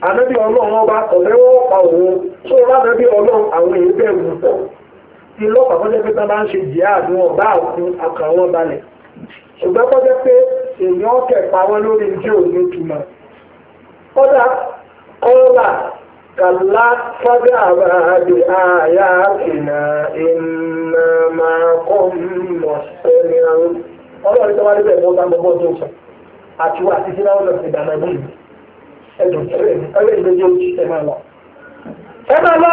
ànábì ọlọ́run ọba ọ̀fẹ́ wọ́n pa òun tó rábẹ́bí ọlọ́run àwọn èèyàn bẹ̀rù pọ̀ ìlọ́pàá tó jẹ́ pé tán bá ń ṣe jìyà àdúrà bá àkú àkàwọn balẹ̀ ṣùgbọ́n kọ́jọ́ pé èèyàn ọ̀kẹ́ lórí ìdí òní ìtumọ̀ kọ́dà kọ́là kàlá fọ́dà àbàdì àyà àfìnà ìnà mọ̀ ẹni àrùn ọlọ́run tó wá níbẹ̀ mọ́ sọ àti sí ìdáná ẹ̀dùn máa lọ. ẹ máa lọ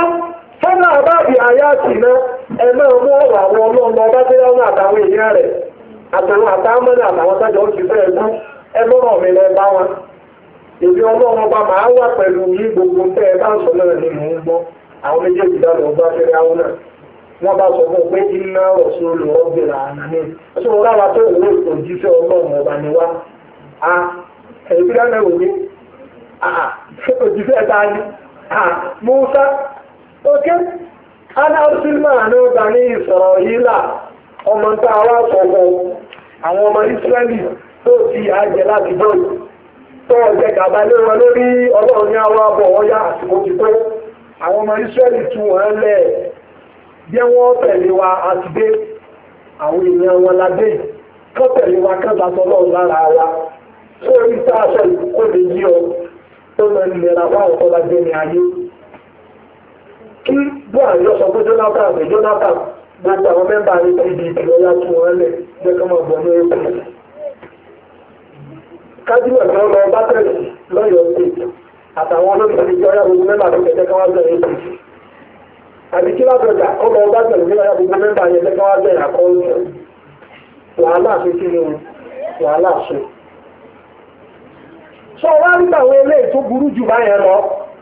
fọ́dà àfìnà máa mú ọ̀rọ̀ àwọn ọlọ́run ọba àtàwọn àtàmọ́nà àtàwọn tájọ òṣìṣẹ́ ẹgbẹ́ ẹlọ́rọ̀ mi lẹ bá wọn èmi ọlọ́run bá máa wà pẹ̀lú yí gbogbo tẹ́ ẹ bá ń sọ náà ni mò ń gbọ́ àwọn méjèèjì dáná ọba fẹ́rẹ́ àwọn náà wọ́n bá sọ fún pé iná ọ̀sùn olùrọ̀gbìnrin àná ni ṣé wọn láwa tó òwe òjíṣẹ́ ọlọ́run ọba ni wá a ẹ̀bí dáná òwe òjíṣẹ́ a ni Musa ok ana ọsùn máa ní ọgbà ní ìsọ̀rọ̀ yìí là ọmọ tá a wá sọ̀rọ̀ àwọn ọmọ israeli tó ti àjẹ láti bọ́ tó wọn lórí ọlọ́run ní àwọn àbọ̀ wọn àsìkò ti tó àwọn ọmọ wọ́n tẹ̀lé wa àti dé àwọn èèyàn kọ́ tẹ̀lé wa kẹ́ta sọlọ́run lára wa tá a sọ lè yí ọ gbogbo àwọn mẹ́mbà rẹ̀ ti di ìpínlẹ̀ yàtú wọn lẹ̀ jẹ́ kọ́ máa bọ̀ ní èkó. kájúwẹ̀ kan lọ bátẹ̀rì lọ́yọ̀ọ́ state àtàwọn olóògbé ti jọ́yà gbogbo mẹ́mbà rẹ̀ kẹ̀kẹ́ kan wá bẹ̀ ní èkó. àbí kí lágbọ̀dà kọ́ lọ bátẹ̀rì lọ́yà gbogbo mẹ́mbà rẹ̀ kẹ́kẹ́ wá bẹ̀ àkọ́ọ̀tù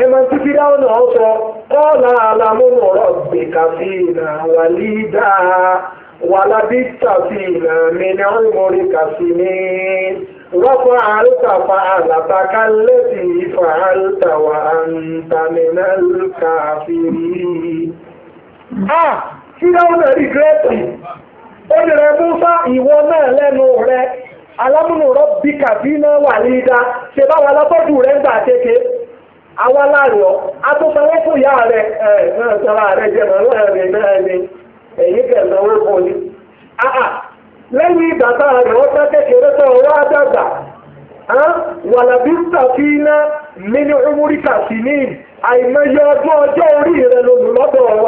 ẹmọ tí fíráwọ̀ náà sọ kọ́ọ̀lá alámúnú ọ̀rọ̀ gbèkà sí ìlà wà lídà wà lábíkà sí ìlà mẹ́ni ọ̀rìnmọ̀rì kà sí ní wọ́pọ̀ àlùkà fa àlàtàkà lẹ́sì ìfà àlùkà wà àǹtàmínà lùkà fìrí. a fíráwọ̀ náà rí gírẹ́tì ó dìrẹ̀ músá ìwọ náà lẹ́nu rẹ̀ alámúnú ọ̀rọ̀ gbèkà sí náà wà lídà ṣe báwa lọ́tọ́jú rẹ̀ ń gbà kéke. àwa láàrin ọ agbófinró fún ìyá rẹ ẹ náà sọra rẹ jẹ mọ náà rẹ náà ni èyí kẹsàn án lẹ́yìn ìgbà tá a rẹ̀ ọ́ bá kékeré tó ọwọ́ àdàgbà wàlàbí tàbí iná mi ní umurika sí ní àìmọye ọdún ọjọ́ orí rẹ lòlù lọ́dọ̀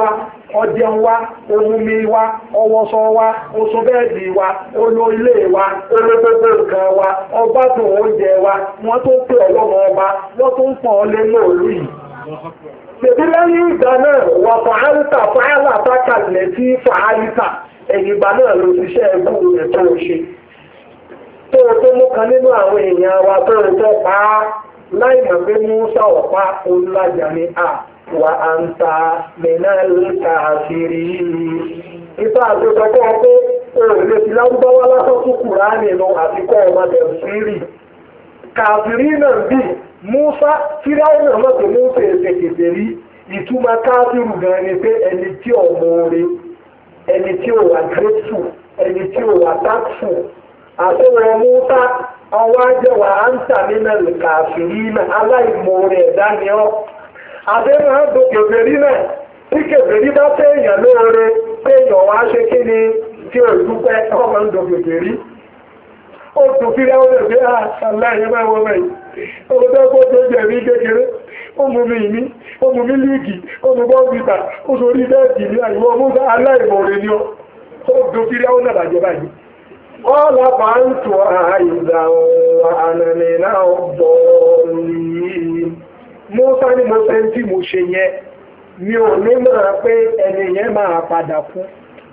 ọjẹun wa omumi wa ọwọsọ wa oṣù bẹ́ẹ̀dì wa olo ilé wa olo gbogbo nǹkan wa ọgbádùn oúnjẹ wa wọ́n tó pè ọlọ́mọ ọba wọ́n tó ń pọ̀ ọ́ lé lóòlù yìí. Bèbí lẹ́yìn ìgbà náà wà fàálítà fàálà tákàlẹ̀ sí fàálítà ẹ̀yìn ìgbà náà ló ṣiṣẹ́ ẹgbẹ́ rẹ̀ tó ṣe. Tó o tó mú kan nínú àwọn èèyàn wa tó o tó pa á láì mọ̀ pé Musa ọ̀pá olùlàjà ni a. وأنت من الكافرين ìfà àgbẹ̀sọ̀kọ́ pé òòlè ti lágbáwá lásán tún kùránì lọ àti kọ́ ọmọ tẹ̀síìrì kàfìrí náà bì Músà fíráì náà mọ̀ pé Músà èsè kèfè rí ìtumọ̀ káfíìrù gan ni pé ẹni tí ò mọ̀ọ́re ẹni tí ò wà grateful ẹni tí ò wà thankful àtọwọ́ Músà ọwọ́ ajẹ́wà áńtà nínú kàfìrí náà aláìmọ̀ọ́re ẹ̀dá ni àdéhùn àdó kèfèrí náà tí kèfèrí bá téèyàn lóore téèyàn wá ṣe kí ni tí ò dúpẹ́ ọmọ ń do kèfèrí ó tún fi rẹ́ ọ̀rẹ́ pé àṣàláyé ah, máa wọ́n mẹ́yìn olùdókòó tó jẹ̀mí kékeré ó mú mi ìní ó mú mi líìgì ó mú ó àyíwọ́ ni ó tún fi bàjẹ́ báyìí ń tún mo sá ní mo fẹ́ tí mo ṣe yẹn mi ò ní mọ̀ pé ẹni yẹn máa padà kú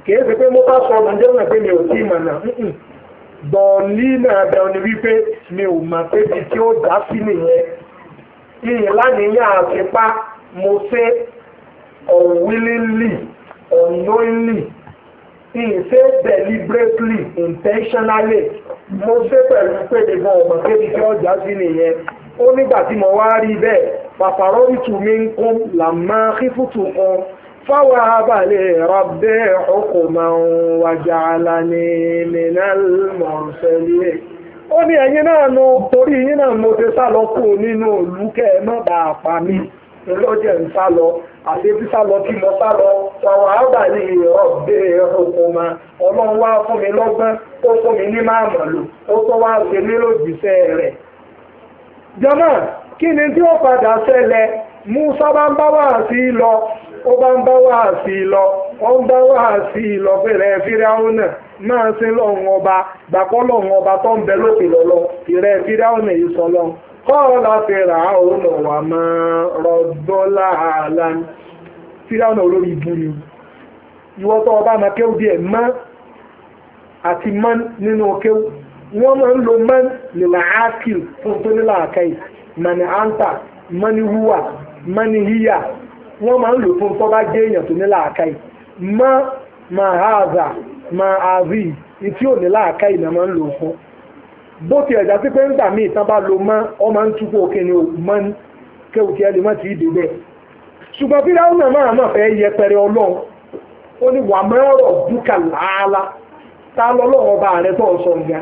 kì í ṣe pé mo bá sọ ọmọ jẹ́ mọ̀ pé mi ò tí ì mọ̀ náà bọ̀ọ̀lì náà bẹ̀rù ni wípé mi ò mọ̀ pé tí ó dá sí nìyẹn ìyìn lánìyàn àtipá mo ṣe unwillingly unknowingly ìyìn ṣe deliberately intentionally mo ṣe pẹ̀lú pé ìbọn ọmọ pé ibi tí ó dá sí nìyẹn ó nígbà tí mo wá rí bẹ́ẹ̀ pàpàrọ̀ ìtù mi ń kún làmá kífùtù kan fáwọn abalẹ̀ rọ̀bẹ́ ọkùnmọ̀ wàjà alani minal mọ̀ọ́sẹ̀lẹ̀ ó ní ẹ̀yin náà nu torí yín náà mo ti sá lọ kú nínú ìlú kẹ́ ẹ má bàa pa mí lọ́jẹ̀ ń sá lọ àti bí sá lọ kí mo sá lọ fáwọn abalẹ̀ rọ̀bẹ́ ọkùnmọ̀ ọlọ́run wá fún mi lọ́gbọ́n ó fún mi ní máàmọ̀lù ó tó wá ṣe nílò ìgbésẹ̀ rẹ̀. jama kí ni tí ó padà ṣẹlẹ̀ musa bá ń bá wá lọ ó bá ń bá wá lọ ó ń bá wá lọ fẹrẹ fíráhùn náà máa ṣe ọba ọba tó ń bẹ lókè lọ́lọ́ lọ fẹ́ra wà máa rọ̀dọ́lá àlá olórí ibu ni ìwọ́tọ̀ ọba máa kéwù díẹ̀ mọ́ nínú kéwù wọn máa ń lo man lil'aqil fún tó ní làákàyè mani anta mani huwa mani hiya wọ́n máa ń lò fún tó bá jẹ́ ma ma haza ma azi ìtí ò ní làákàyè máa ń lo fún bó ti ẹ̀dá sí pé nígbà míì tán bá lo mọ́ ọ máa ń túkọ̀ òkè ni ò mọ́ kéwùkì ẹni ti dé bẹ́ẹ̀ ṣùgbọ́n bí ráúnà máa máa fẹ́ yẹpẹrẹ ọlọ́run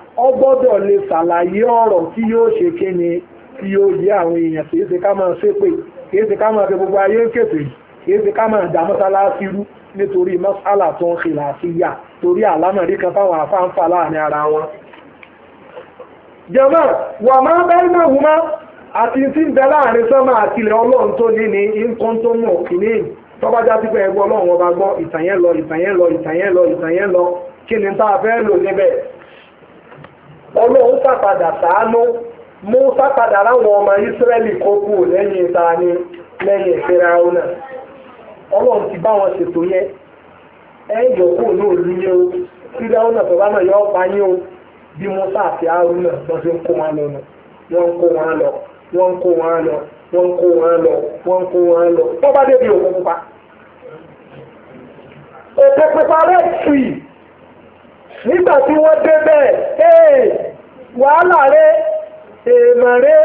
ọ gbọ́dọ̀ lè ṣàlàyé ọ̀rọ̀ tí yóò ṣe kéne tí yóò yé àwọn èèyàn kìí ṣe ká máa ṣépè kìí ṣe ká máa fi gbogbo ayé kèfè kìí ṣe ká máa dá mọ́sálásí rú nítorí mọ́sálà tó ń ṣe làásìyà torí àlámọ̀rí kan fáwọn àfáǹfà láàrin ara wọn. jẹ́mọ́ wà máa bẹ́ẹ̀ náà wù má àti tí ń bẹ láàrin sọ́mà àtìlẹ̀ ọlọ́run tó ní ní nǹkan tó mọ̀ kìíní tọ́bájá ti pẹ́ ẹgbọ́ ọlọ́run ọba gbọ́ ìtàn yẹn lọ ìtàn yẹn lọ ìtàn yẹn lọ kí ni tá a fẹ́ lò níbẹ̀ ọlọ́run sàpadà sàánú mú sàpadà ráwọn ọmọ ìsírẹ́lì kó kú lẹ́yìn ìta lẹ́yìn ìfẹ́ra ọ̀nà ọlọ́run ti bá wọn ṣètò yẹn ẹ̀yọ̀ kù ní òlu yẹn o síra ọ̀nà tó náà yọ o bí àrùn náà ń kó wọn lọ wọ́n ń kó wọn lọ wọ́n ń kó wọn lọ wọ́n ń kó wọn lọ wọ́n ń kó wọn nígbà tí wọ́n dé bẹ́ẹ̀ ee wàhálà rẹ èèmọ̀ rẹ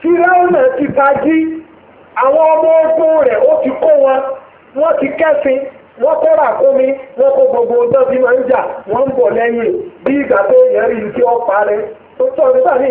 fíráùnà ti tají àwọn ọmọ ogun rẹ̀ ó ti kó wọn wọ́n ti kẹ́sìn wọ́n kó ràkúnmí wọ́n kó gbogbo ọjọ́ bí máa ń jà wọ́n ń bọ̀ lẹ́yìn bí ìgbà tó yẹn rí tí ó pa tó tọ́ nígbà ní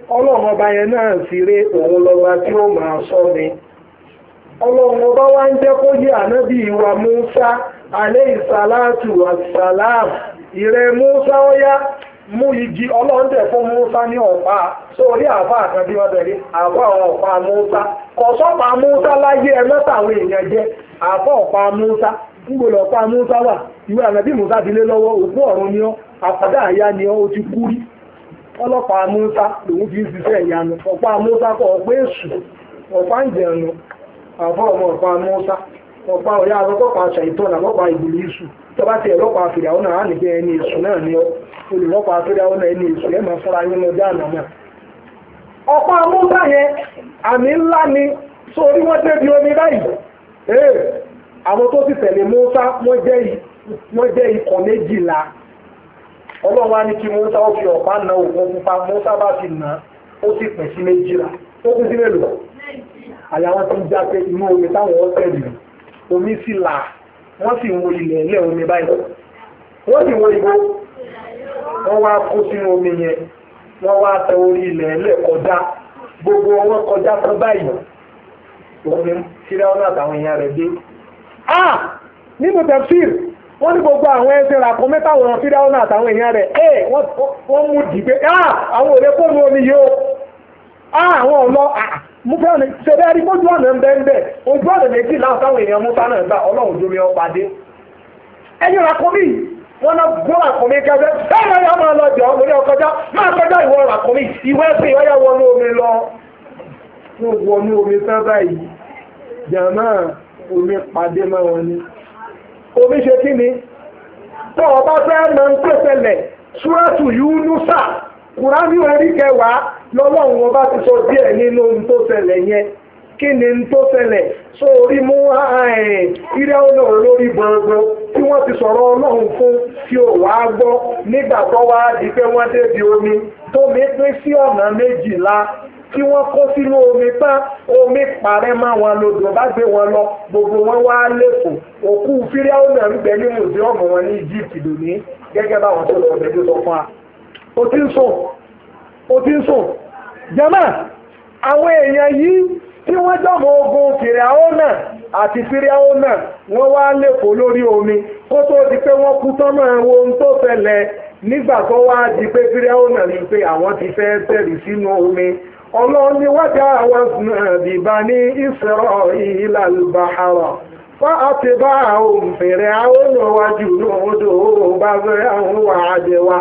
ọlọ́run ọba yẹn náà sì rí òun lọ́ba tí ó máa sọ mi ọba wá ń jẹ́ kó yé ànábì Musa alẹ́ ìsàlátù àsàlám ìrẹ́ Musa ọ̀yá mú igi ọlọ́run fún Musa ní ọ̀pá sórí àfa kan bí ọ̀pá Musa kọ̀sọ́pá Musa láyé ẹ èèyàn jẹ́ Musa Musa wà ìwé ànábì Musa ti lé lọ́wọ́ òkú ọ̀run ni àpàdé ọlọ́pàá amúnsá lòun fi ń ṣiṣẹ́ ìyanu ọ̀pá amúnsá kọ ọ̀pá èṣù ọ̀pá ìjẹ̀nu àfọ́ ọmọ ọ̀pá amúnsá ọ̀pá ọ̀yá ìtọ́nà ọlọ́pàá ti ọlọ́pàá á nìgbẹ́ ẹni èṣù náà ni ọ olùlọ́pàá ẹni èṣù máa fọ́ra yín lọ́jọ́ àná náà. ọ̀pá amúnsá yẹn àmì ńlá ni sórí omi báyìí àwọn tó ti tẹ̀lé wọ́n méjìlá ọlọ́run wá ní kí musa ó fi ọ̀pá na òkun pupa musa bá ti nà ó sì pẹ̀ sí méjìlá ó kú sí mélòó àyà wọn ti já pé inú omi táwọn ọ̀tẹ̀lì omi sì là wọ́n sì wo ilẹ̀ ilẹ̀ omi báyìí wọ́n sì wo igbó wọ́n wá kó sínú omi yẹn wọ́n wá tẹ orí ilẹ̀ ilẹ̀ kọjá gbogbo wọn kọjá tán báyìí òun ni síráwọ́n àtàwọn èèyàn rẹ̀ dé. Ah! nínú tafsir wọ́n ní gbogbo àwọn ẹsẹ̀ ràkún mẹ́tàwòrán fídáwọn àtàwọn èèyàn rẹ̀ ẹ̀ eh, wọ́n mú dìgbé ah, àwọn òde kó lu omi yìí o ah, àwọn ọ̀lọ́ mú ṣẹlẹ̀ rí mójú ọ̀nà ń ojú ọ̀nà méjì láwọn èèyàn mú sánà ń ọlọ́run jómi mi wọ́n omi ṣe kí ni tó o bá fẹ́ mọ ń pèsèlè ṣúrẹ́tù yúnúṣà kùránì orí kẹwàá lọ́lọ́run ọba ti sọ díẹ̀ nínú ohun tó ṣẹlẹ̀ yẹn kí ni ń tó ṣẹlẹ̀ só orí mú ìrẹ́ eh, ọlọ́run lórí gbọ̀ngbọ̀n tí wọ́n ti sọ̀rọ̀ ọlọ́run fún tí ò wá gbọ́ nígbà tó wá di pé wọ́n débi omi tó pín sí ọ̀nà méjìlá kí wọ́n kó sínú omi pa omi parẹ́ mọ́ wọn lodò bá gbé wọn lọ gbogbo wọn wá lẹ́kọ̀ọ́ òkú fíríàwó náà ń bẹ ní mùsíọ̀mù wọn ní Egypt lónìí gẹ́gẹ́ báwọn tó lọ bẹ́ẹ̀ sọ fún wa. o ti ń sùn o ti ń sùn jama àwọn èèyàn yìí tí wọ́n jọmọ ogun fíríàwó náà àti fíríàwó náà wọ́n wá lẹ́kọ̀ọ́ lórí omi kó tó di pé wọ́n kú tán náà wo ohun tó fẹlẹ̀ nígbà tó wá di pé fíríàwó náà ni pé àwọn ti fẹ́ tẹ̀lé sínú omi ọlọ́run ni wájà àwọn bá ní ìsọ̀rọ̀ ìlà ìbáhárà wọ́n á ti bá àwọn fèrè àwọn ìwájú odò bá fẹ́ àwọn wa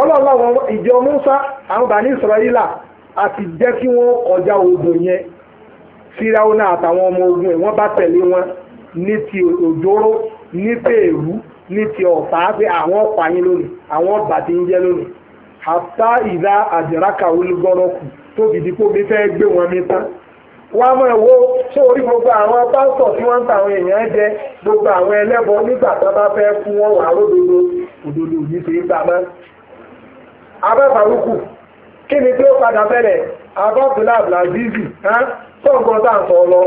ọlọ́run ìjọ Musa àwọn bá ní ìsọ̀rọ̀ ìlà àti jẹ́ kí wọ́n kọjá odò yẹn àtàwọn ọmọ ogun ẹ̀ wọ́n bá tẹ̀lé wọn ní ti òjòrò ní ní ti ọ̀fà àwọn ọ̀pá yín ti ń jẹ́ àtà ìdá àdìrákà olúgbọ́rọ́kù tó fìdí kó mi fẹ́ gbé wọn mi tán wọ́n á máa wo ṣé orí gbogbo àwọn pásítọ̀ tí wọ́n ń ta àwọn èèyàn jẹ gbogbo àwọn ẹlẹ́bọ nígbà tá a bá fẹ́ fún wọn wà lódodo òdodo yìí ṣe é gbàmọ́. abẹ́fàlùkù kí ni tí ó padà fẹ́lẹ̀ abọ́bùlá abdulaziz sọ́ǹkan tá à ń sọ lọ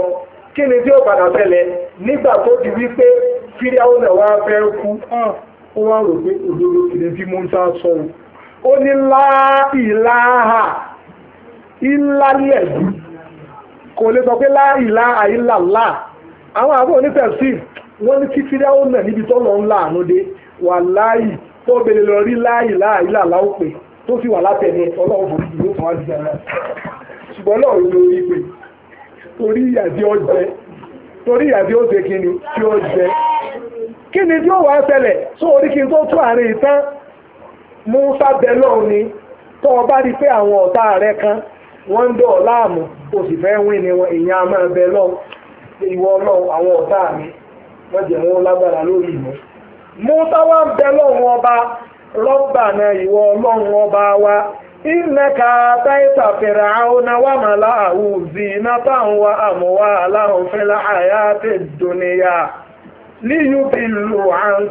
kí ni tí ó padà fẹ́lẹ̀ nígbà tó di wípé fíríà ó lẹ̀ wá fẹ́ kú ó wá rò pé òdodo kìlẹ̀ ó ní láìláha ìlàlẹ́ẹ̀dù kò lè sọ pé láìláha ila àwọn àbọ̀ onífẹ̀sì wọ́n ní tí fídáwó náà níbi tó lọ ńlá àánú dé wà láì tó bèèrè lọ rí láìláha ìlàlá ó pè tó sì wà látẹ̀lé ọlọ́run bòrí ìlú fún àdìgbà náà ṣùgbọ́n náà ló rí pé torí ìyàdí ọjẹ́ torí ìyàdí ó kí ni tí ó jẹ kí ni tí ó ṣẹlẹ̀ sóorí kí n tó tún àárín ìtàn Musa bẹ́lọ̀ ni tó o bá rí pé àwọn ọ̀tá rẹ kan wọ́n ń dọ̀ láàmú o sì fẹ́ wí ni wọn máa bẹ́lọ̀ ìwọ ọlọ́run àwọn ọ̀tá mi wọ́n jẹ́ lágbára lórí Musa wá ń ọba rọ́bà na ìwọ ọlọ́run ọba wa ìnẹ́ka táìtà àwọn iná táwọn wa aláhùn fẹ́lá àyà àti ìdúnìyà lù à ń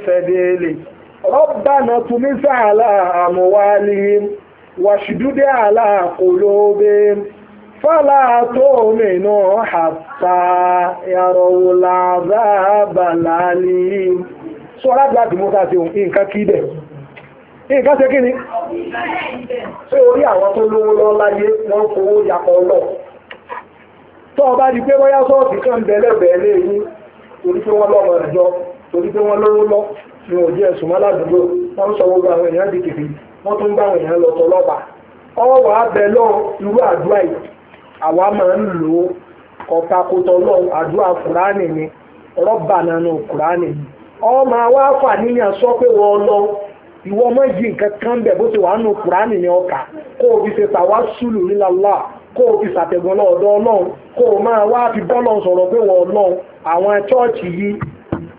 rọ́bànà tunisa àlà àmúwálìhìm wàṣídúdé àlà àkọlóbe fọ́lá tó mìnú hàtà yàrọ̀wò làzà bàlálì sọ́ra gbàdì mọ́ta ti nǹkan kí bẹ̀ nǹkan ṣe kí ni ṣé orí àwọn tó lówó lọ láyé wọ́n fowó yapọ̀ lọ tó o bá di sọ́ọ̀tì kan bẹ̀lẹ̀ bẹ̀lẹ̀ yín torí pé wọ́n lọ́mọ ẹ̀jọ́ torí pé wọ́n lówó lọ òjì ẹ̀sùn mọ́ ládùúgbò wọ́n ń sọ gbogbo àwọn èèyàn di kìkì wọ́n tún bá àwọn èèyàn lọ tọlọ́pàá ọwọ́ abẹ irú àdúrà yìí àwa máa ń lò ó kọ̀ọ̀takùtọ̀ lọ àdúrà kùránì ni rọ́bà nanu kùránì ni ọ máa fà sọ pé wọ́n lọ ìwọ ọmọ yìí nǹkan kan bẹ̀ bó ti wà nù kùránì ọkà kó o fi o fi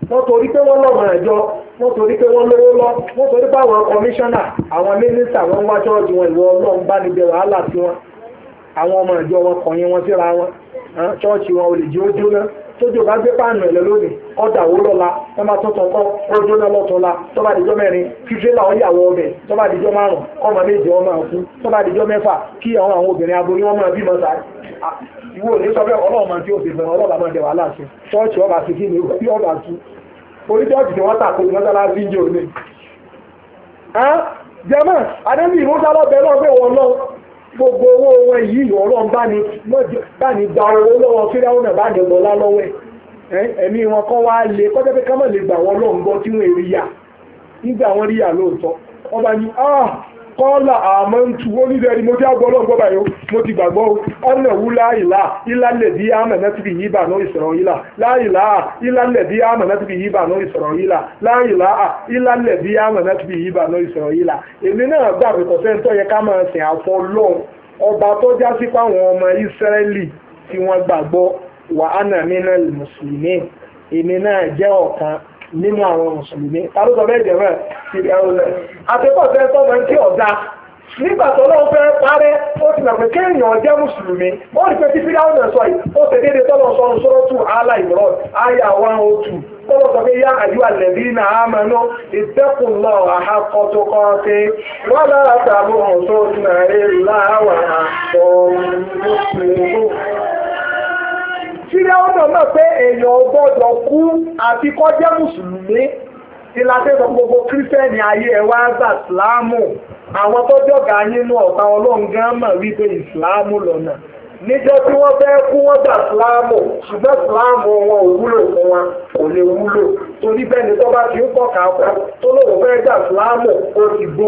wọ́n torí pé wọ́n lọ́mọ ẹ̀jọ́ wọ́n torí pé wọ́n lówó lọ wọ́n torí pé àwọn kọmíṣánná àwọn mínísítà wọn wá ṣọ́ọ̀ṣì wọn ìwọ ọlọ́run bá níbẹ̀ wàhálà tiwọn àwọn ọmọ ìjọ wọn kọ̀yìn wọn síra wọn ṣọ́ọ̀ṣì wọn olè jí ó jóná tójú bá gbé páànù ẹ̀ lónìí ọ̀dà owó lọ́la ẹ máa tó tọkọ́ ó jóná lọ́tọ́la tó bá dìjọ́ mẹ́rin fífẹ́ làwọn ìyàwó ọbẹ̀ tó bá márùn ọmọ méje ọmọ àkú tó bá mẹ́fà kí àwọn àwọn obìnrin aboyún ọmọ bímọ sá ìwọ òní sọ pé ọlọ́ọ̀mọ tí ó ti fẹ́ ọlọ́ọ̀bà máa dẹ̀ wàhálà ṣọ́ọ̀ṣì ọba sí kí ni ọba tú orí ṣọ́ọ̀ṣì tí wọ́n tàkó mọ́sálásí ń jẹ́ òní jẹ́mọ́ adébíyí musa lọ́bẹ̀ẹ́ lọ́gbẹ̀ẹ́ wọn náà gbogbo owó wọn yìí ọlọ́run bá ní gba owó lọ́wọ́ fíráwọ́ náà bá ní lọ́lá lọ́wọ́ ẹ̀ ẹ̀mí wọn kọ́ wá lé kọ́jọ́ pé ká mọ̀ lè gbà wọn lọ́ọ̀ ń gbọ́ tí wọ́n èrìyà nígbà wọn ríyà lóòótọ́ wọ́n bá ní ah kọ́lá àmọ́ntù onílẹ̀ ni mo ti àgbọ̀ ọlọ́run gbọ́bà yìí mo ti gbàgbọ́ ọ̀nà wú láìlá ìlàlẹ̀ bí àmọ̀nà ti fi yí bà náà ìsọ̀rọ̀ yìí là láìlá ìlàlẹ̀ bí àmọ̀nà ti fi yí bà náà ìsọ̀rọ̀ yìí là láìlá ìlàlẹ̀ bí àmọ̀nà ti fi yí bà náà ìsọ̀rọ̀ yìí là èmi náà gbà pé kọ̀sẹ́ńtọ̀ yẹ ká máa sìn àfọ lọ́n ọba tó já sí fáwọn ọmọ ìsírẹ́lì tí wọ́n gbàgbọ́ wà mí náà mùsùlùmí èmi náà jẹ́ ọ̀kan nínú àwọn mùsùlùmí tàbí sọ bẹ́ẹ̀ jẹ̀rẹ̀ ìrẹ̀ ọ̀rẹ́ àtẹ́kọ̀ọ́sẹ́ tọ́mọ tí ọ̀dà nígbà tó lọ́wọ́ fẹ́ parẹ́ ó ti mọ̀ kéèyàn jẹ́ mùsùlùmí ó rí pé tí fídáwọ́ náà sọ yìí ó ṣe tọ́lọ̀ one oh two tọ́lọ̀ sọ pé yá àyù àlẹ́bí á ìtẹ́kùn wọ́n sílẹ̀ ọ̀nà náà pé èèyàn ò gbọ́dọ̀ kú àti kọjá mùsùlùmí ìlàsẹ̀sọ̀ gbogbo kírísítẹ́nì ayé ẹ̀ wá gbà síláàmù àwọn tó jọ̀gá nínú ọ̀tá ọlọ́run gan mọ̀ wípé ìsìláàmù lọ́nà níjọ́ tí wọ́n fẹ́ kú wọ́n gbà síláàmù ṣùgbọ́n síláàmù wọn ò wúlò fún wọn kò lè wúlò torí bẹ́ẹ̀ ni tó bá ti ń kọ̀ọ̀kan kọ́ tó lóun fẹ́ gbà síláàmù ó ti gbó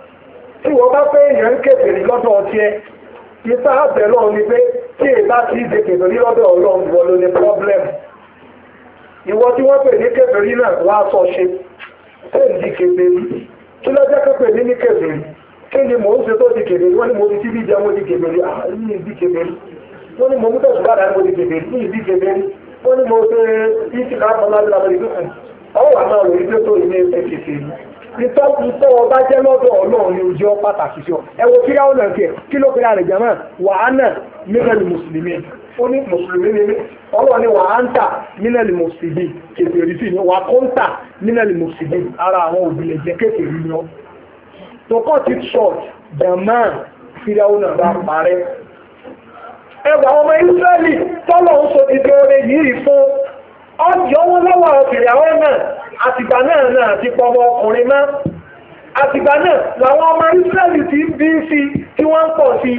tí wọ́n bá fẹ́ èèyàn ń kèfèrí lọ́dọ̀ ẹ àbẹ̀ náà ni pé tí ti lọ́dọ̀ ọlọ́run wọ ló ní pọ́blẹ́mù ìwọ tí wọ́n pè ní náà wá sọ ṣe tó ń di lọ́jọ́ ní ní kí ni mò ń ṣe tó di wọ́n ní mo fi tí bí jẹun di ní ìdí kèfèrí wọ́n mo mú ìtọ́jú tó o bá jẹ́ lọ́dọ̀ ọlọ́run ni ojú ọ pàtàkì sí ọ ẹ wo kíra ọ̀nà tiẹ̀ kí ló pera rẹ̀ jẹ́mọ́ wàhánà mílẹ̀lì mùsùlùmí ó ní mùsùlùmí ni mí ọlọ́run ni wàhántà mílẹ̀lì mùsùlùmí kèfèrí sí ni wàkóńtà mílẹ̀lì mùsùlùmí ara àwọn òbílẹ̀ jẹ́ kèfèrí ni ọ. tòkọ́ ti short jẹ̀mọ́ kíra ọ̀nà bá parẹ́ ẹwà ọmọ Ísírẹ́lì tọ́lọ̀ ń so ti ọjọ́ wọn lọ́wọ́ ọkùnrin àwọn náà àtìgbà náà náà ti pọmọ ọkùnrin mọ́ àtìgbà náà làwọn ọmọ Ísírẹ́lì ti bí sí tí wọ́n ń pọ̀ sí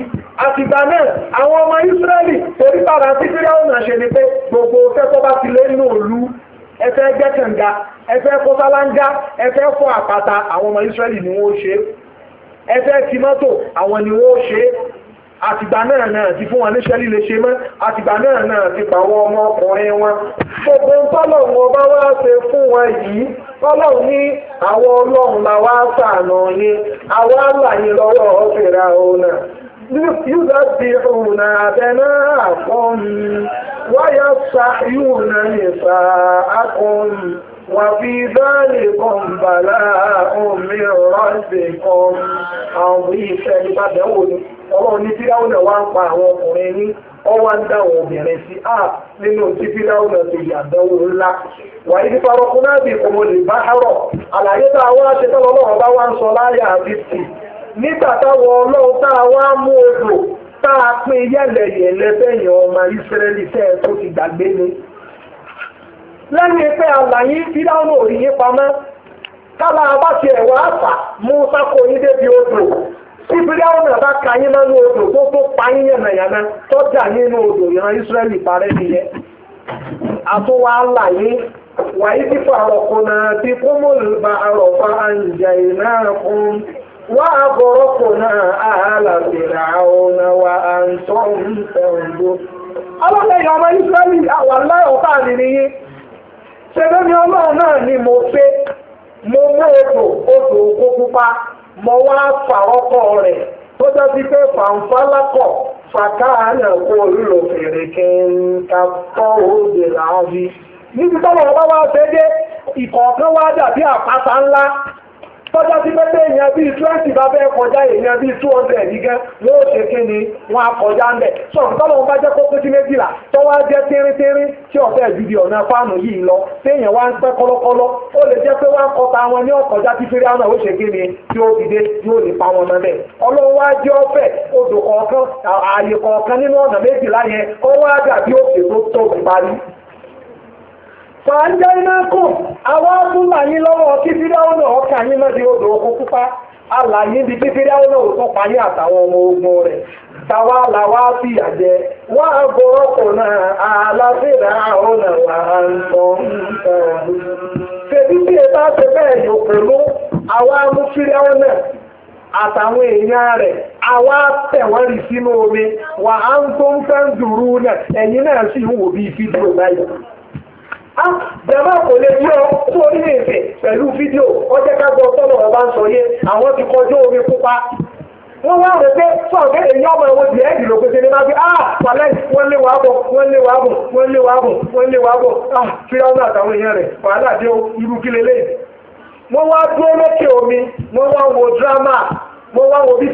àtìgbà náà àwọn ọmọ Ísírẹ́lì torí bàbá tí fíráwọ̀ náà ṣe ni pé gbogbo fẹ́kọ́ bá ti lé nínú òlu ẹfẹ́ gbẹ́kànga ẹfẹ́ kọ́sálángá ẹfẹ́ fọ́ àpáta àwọn ọmọ Ísírẹ́lì ni wọ́n ṣe ẹfẹ́ tìmọ́tò àwọn ni wọ́n ṣe àtìgbà náà náà ti fún wọn níṣẹ́ líle ṣe mọ́ àtìgbà náà náà ti pa àwọn ọmọkùnrin wọn. gbogbo tọ́lọ̀hún ọba wá ṣe fún wọn yìí tọ́lọ̀hún ní àwọn ọlọ́run la wá ṣàánú yín àwa láyé lọ́wọ́ ọ̀fẹ́ra ọ̀nà. يذبحون أبناءكم ويستحيون نساءكم وفي ذلكم بلاء من ربكم عظيم ọlọ́run ní fíráwùnà wá ń pa àwọn ọkùnrin ní ọwá ń obìnrin sí á nínú tí fíráwùnà tó yà dánwò ńlá wà ní farakun náà bí kòmò lè bá àárọ̀ àlàyé tá a wá ṣe tọ́lọ́ ọlọ́run bá wá ń sọ láyà àti tì nígbà táwọn ọlọ́run tá a wá mú odò tá a pín ọmọ ìsírẹ́lì tẹ́ ẹ ìbílẹ̀ na-aba ka yín lọ́nu odò tó tó pa na yànnàyànnà tọ́jà yín ya. odò ìran Ísírẹ́lì parẹ́ nìyẹn àtúwà ńlá wa wàyí ti na ti kúmùlùbà àrọ̀fà àǹjà ìnáàkùn wà á bọ̀rọ̀kùnà àhàlà fèrè na wa à ń tọ́ ń tẹ̀wọ̀dó. ọlọ́lẹ́yìn mo mo mụ okwu pupa mo wá ọkọ rẹ tó dájú pé fàǹfàlákọ̀ fàkáàánà kó olùlò fèrè kí n ta tọ́ òde láàbí. níbi tọ́lọ̀ ọba wá ṣe dé ìkọ̀ọ̀kan wá dàbí àpáta ńlá tọ́jọ́ sí pẹ́pẹ́ èèyàn bíi twenty bá bẹ́ẹ̀ kọjá èèyàn bíi two hundred yìí wọ́n ó ṣe ni wọ́n á kọjá ń bẹ̀ sọ̀rọ̀ tọ́lọ́ bá jẹ́ méjìlá tọ́wọ́ á jẹ́ tínríntín tí ọ̀fẹ́ ìdíbi ọ̀nà fáànù yìí lọ wá ń pẹ́ kọ́lọ́kọ́lọ́ ó lè jẹ́ pé wọ́n á wọn ní tí fẹ́rẹ́ àwọn ó fa iná kùn àwọn àtúnlà yín lọ́wọ́ kí fídáwọ́nà ọkà ụlọ náà di odò òkú pupa alàyé di kí fídáwọ́nà òkú payé àtàwọn ọmọ ogun rẹ̀ tàwa làwa fi àjẹ wá agbórọ́kọ̀ náà aláfẹ́rẹ́ àwọn ọ̀nà na nǹkan. na Ah, jama kò lè yọ kú orílẹ̀-èdè pẹ̀lú fídíò ọjọ́ ká tọ́lọ̀ ọba ń sọ yé àwọn ti kọjú omi pupa wọ́n wá rẹ̀ pé fún èyí ọmọ ẹ̀wọ̀n jẹ́ ẹ̀dì ló pété ní máa fi ah wàlẹ́ wọ́n lé wàá bọ̀ wọ́n lé wàá bọ̀ wọ́n lé wàá bọ̀ wọ́n lé wàá bọ̀ ah, omi wọ́n wá wo wọ́n wá wo bí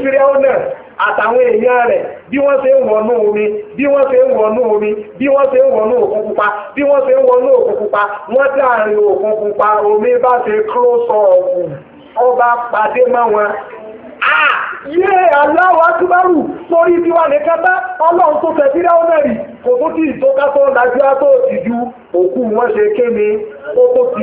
àtàwọn èèyàn rẹ̀ bí wọ́n ṣe ń wọnú omi bí wọ́n ṣe ń wọnú omi bí wọ́n ṣe ń wọnú òkun pupa bí wọ́n ṣe ń wọnú òkun pupa wọ́n dá àárín òkun pupa omi bá ṣe kúrò sọ̀ọ̀kù ọba pàdé mọ́ wọn. yé aláwọ̀ akúbárù sórí ọlọ́run tó rì kò tó tí ìtọ́ka tó ń dájú òkú wọn ṣe tó ti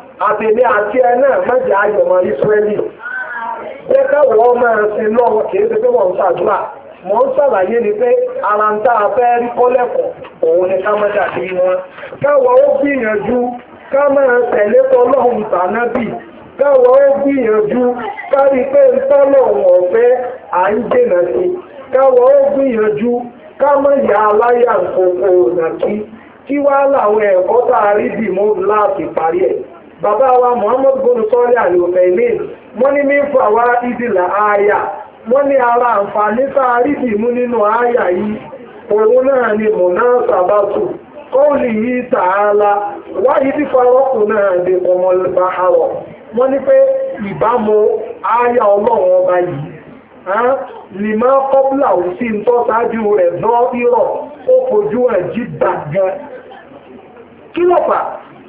àbèmí àti ẹ mẹ́jẹ̀ ayọ̀mọ̀ Ísírẹ́lì jẹ́ káwọ́ máa lọ́wọ́ kì ṣe pé wọ́n ń ṣàdúrà ń ni pé ara ń a fẹ́ rí kọ́lẹ̀kọ̀ òun ni ká mẹ́jà sí wọn káwọ́ ó gbìyànjú ká máa tẹ̀lé tọ́lọ́hùn tànábì ó gbìyànjú kárí pé ń à ń sí ó gbìyànjú ká aláyà nǹkan kí làwọn bàbá wa Muhammad bonu sọ́ọ́lì àlùfẹ́lẹ́ wọ́n ní mí fà wá ìdìlà àyà wọ́n ní ara àǹfààní sáárì dìmú nínú àyà yìí òun náà ni mọ̀nà sàbátù kọ́ọ̀lì yìí tààlà wáyé tí farọ́kù náà di ọmọ ìbáharọ̀ wọ́n ní pé ìbámu àyà ọlọ́run ọba yìí lìmọ́ kọ́pùlà ò sí ń tọ́ sáájú rẹ̀ náà irọ́ ó fojú ẹ̀ jí gbàgbẹ́ kí ló fà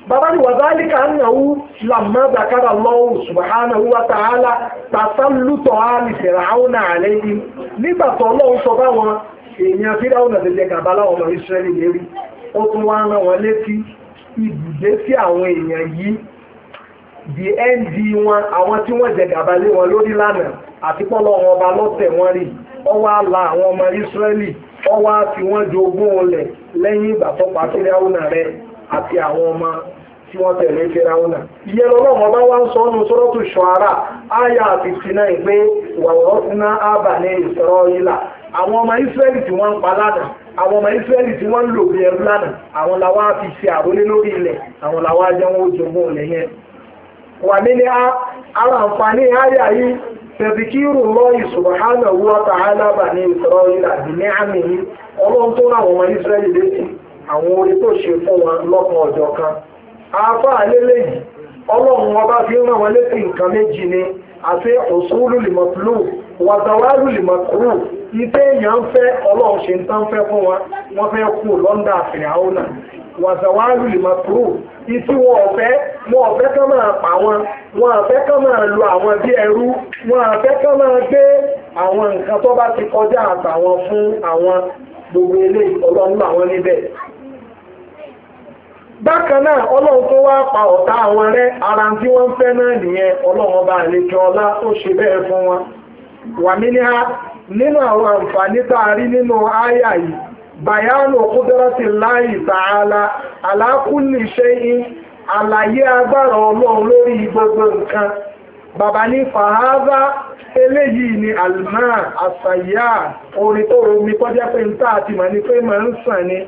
bàbá ni wàzálìkà ànáwó làmà dàkàrà lọ́wọ́ subhanahu wa ta'ala tasallutọ̀ àlì fìràhánà àlẹ́yìn nígbà tó ọlọ́run sọ báwọn èèyàn fìràhánà tẹ̀jẹ̀ kàbálà ọmọ Ísírẹ́lì lérí ó tún wá rán wọn létí ibùdé sí àwọn èèyàn yìí di nd wọn àwọn tí wọ́n jẹ gàba wọn lórí lánàá àti pọ́lọ́ ọba lọ́tẹ̀ wọn rí àti àwọn ọmọ tí wọ́n tẹ̀lé fẹ́ráúnà. Ìyẹn lọ́lọ́mọ bá wá ń sọ ọ́nù sọ́rọ́tù ṣọ́ara, àyà fifty nine pé wàwọ́ fúnná ábà ní ìsọ̀rọ̀ ìlà. Àwọn ọmọ Ísírẹ́lì tí wọ́n ń pa àwọn ọmọ Ísírẹ́lì tí wọ́n ń lò ẹrú àwọn làwa fi ṣe àrólé lórí ilẹ̀, àwọn wọn ó jogún yẹn. Wà mí ara àǹfààní àyà yìí, lọ àwọn orí tó ṣe fún wọn lọ́kàn ọ̀jọ̀ kan àáfàá lélẹ́yìí ọlọ́run ọba fi ń rán wọn létí nǹkan méjì ni àti òṣùlù lìmọ̀tìlù wàtàwálù lìmọ̀kúrù ìfẹ́ èèyàn ń fẹ́ ọlọ́run ṣe ń tán fẹ́ fún wọn wọ́n fẹ́ kú lọ́ndà fìràhónà wàtàwálù lìmọ̀kúrù ìtí wọn ọ̀fẹ́ wọn ọ̀fẹ́ kán máa pa wọn wọn àfẹ́ kán máa lo àwọn bí ẹrú wọn àfẹ́ kán máa gbé àwọn nǹkan tó bá ti kọjá àtàwọn fún àwọn gbogbo eléyìí ọlọ́run làwọn níbẹ̀ bákan náà ọlọ́run tó wá pa ọ̀tá àwọn rẹ ara tí wọ́n fẹ́ náà nìyẹn ọlọ́run ọba àlejò ọlá tó ṣe bẹ́ẹ̀ fún wọn wà mí ní nínú àwọn àǹfààní tá rí nínú àyà yìí bayanu ta'ala ala shay'in ọlọ́run gbogbo nǹkan bàbá ní eléyìí ni orin tó romi kọjá pé ní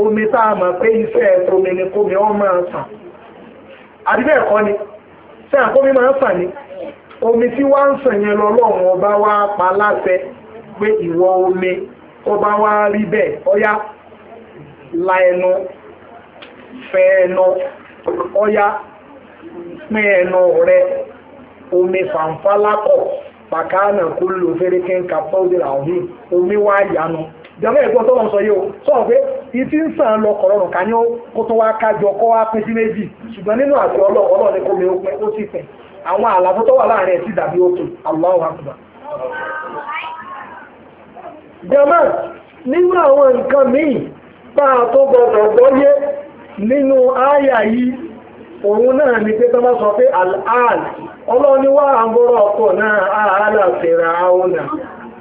omi tá a mọ̀ pé iṣẹ́ ẹ̀tọ́mi ni kómi ọ́ máa sàn àdíbẹ̀ ẹ̀kọ́ ni ṣé àkómi máa sàn ni omi tí wá ń sàn yẹn lọ́lọ́run ọba wá pa láṣẹ pé ìwọ omi tó bá wá rí bẹ́ẹ̀ ọ̀yá la ẹnu fẹ ẹnu ọ̀yá pín ẹnu rẹ omi fàǹfàlákọ̀ pàkánà kó lò fẹ́rẹ́kẹ́ ń ka pọ́ùdì ràhùn omi wá yanu. jọba ẹ̀gbọ́n tó lọ sọ yìí o sọ pé ìtí ń sàn lọ kọ̀rọ̀rùn ká ní kó tó wá kájọ kó wá pín sí méjì ṣùgbọ́n nínú àti ni kò mi ó pẹ́ ó sì fẹ̀ àwọn àlàfo tó láàrin ẹ̀ dàbí òkè Allahu Akbar. nínú àwọn nǹkan míì bá a tó gbọdọ̀ gbọ́yé nínú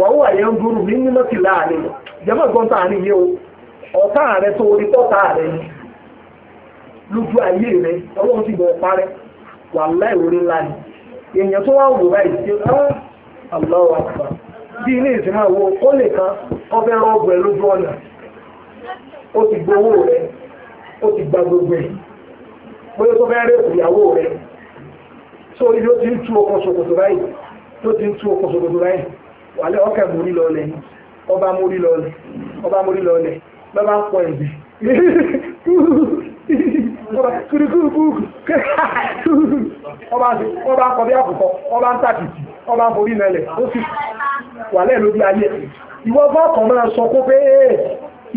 wa wà ya ń dúró ní mímọ́ sí láàrin jẹ́mọ́ ìgbọ́n tá à ní yé o ọ̀tá rẹ tó orí tọ́ta rẹ ni lójú ayé rẹ ọlọ́run ti gbọ́n parẹ́ wà láì orí ńlá ni èèyàn tó wá wò báyìí ṣe ah, bí ilé ìsinmi ó lè kan ọbẹ̀ rọ́ọ̀bù ẹ lójú ọ̀nà ó ti gbowó rẹ ó ti gba gbogbo bóyá tó ìyàwó rẹ sórí ló ti ń tú ṣòkòtò báyìí ló ti ń tú ṣòkòtò báyìí wàlẹ́ ọkẹ̀ mórí lọlẹ̀ ọba mórí lọlẹ̀ ọba mórí lọlẹ̀ lọ́ba ń pọ ẹ̀bẹ̀ ọba ń kọ bí àkùkọ ọba ń tàkìtì ọba ń forí lọlẹ̀ ó sì wàlẹ́ lójú ayé ìwọ bá ọkàn máa sọ kó pé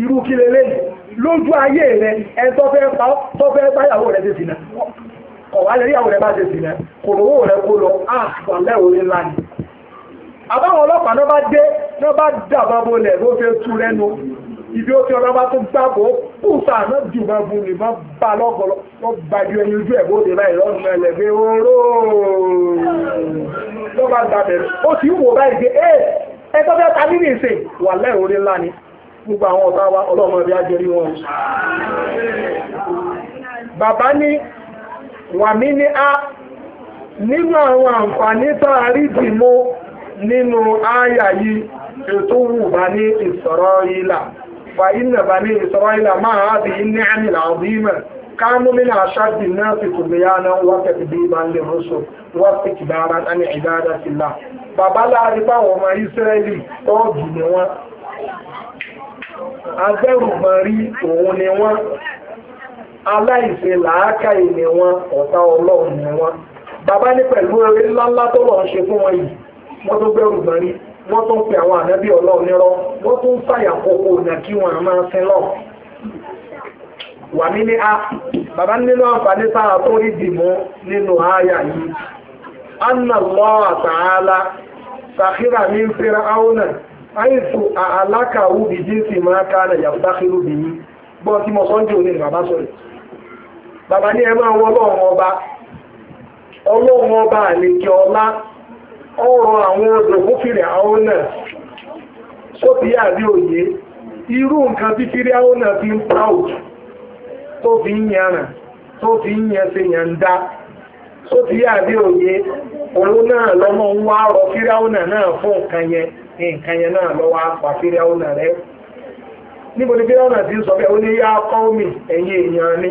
irú kí lélẹ́yìn lójú ayé rẹ ẹ tọ́fẹ́ báyàwó rẹ ti sìnà ọ̀wálẹ̀ ríyàwó rẹ bá ti sìnà kòròwó rẹ kó lọ ààfàlẹ́ ah, orí ńlá ni àbáwọn ọlọ́pàá náà bá dé náà bá dàbà bolẹ̀ ló fẹ́ tú lẹ́nu ibi ó fi ọlọ́pàá tó gbàgbó pùsà náà jù bá bu nìbọn bá lọ́pọ̀lọ́ lọ́ gbàdú ẹni ojú ẹ̀ bóde báyìí lọ́nu ẹlẹ̀ pé oró lọ́ bá gbàbẹ̀ ó ti wò báyìí pé ẹ ẹ tó fẹ́ ta mí ní ìsìn wà lẹ́rù orí ńlá ni gbogbo àwọn ọ̀tá wa ọlọ́mọ ẹ̀bí ajẹ́rí wọn. bàbá ní wàmí ní a nínú àwọn àǹfààní tá a rí dì mú nínú ááyà yìí ètò wù bá ní Israila fa inna bá ní Israila máa hábi ní àmìlà àbímẹ̀ kánú nínú aṣáàdì náà fi tùbíyá náà wọ́n tẹ̀sí bí ìbá lè rọ́ṣọ wọ́n fi kìdára ní ìdára sí là bàbá láàrin báwọn ọmọ Ísírẹ́lì tọ́ọ̀dù ni wọ́n agbẹ́rùgbọ̀nrí ní pẹ̀lú eré ńláńlá tó lọ́ọ́ ṣe fún wọn yìí wọ́n tó gbẹ́rù gan rí wọ́n tó ń pe àwọn ànábì ọlọ́run nírọ́ wọ́n tó ń fàyà kókó nà kí wọ́n máa sin lọ. wà mí a bàbá nínú àǹfààní sára tó rí dìmú nínú àyà yìí anna Allah ta'ala sàkírà mi ń fẹ́ra áwọnà àìsù àlákàwù bìjí sì máa ká nà yàtọ̀ sákírù bìyí gbọ́n tí mo sọ́njú ní bàbá sọ̀rọ̀ bàbá ní ẹ máa wọ ọlọ́run ọba ọlọ́run ọba àlejò ọlá ó rọ àwọn odò fún fìrì àwọn náà sóti yá àbí òye irú nǹkan tí náà fi ń proud tó fi ń tó fi ń yẹn ṣe yàn ń dá òye òun náà lọ́mọ ń wá rọ fìrì náà fún nǹkan yẹn náà lọ́wọ́ apá fìrì àwọn rẹ̀ níbo ni ti ń sọ pé ó ní yá kọ́ mi ẹ̀yìn ni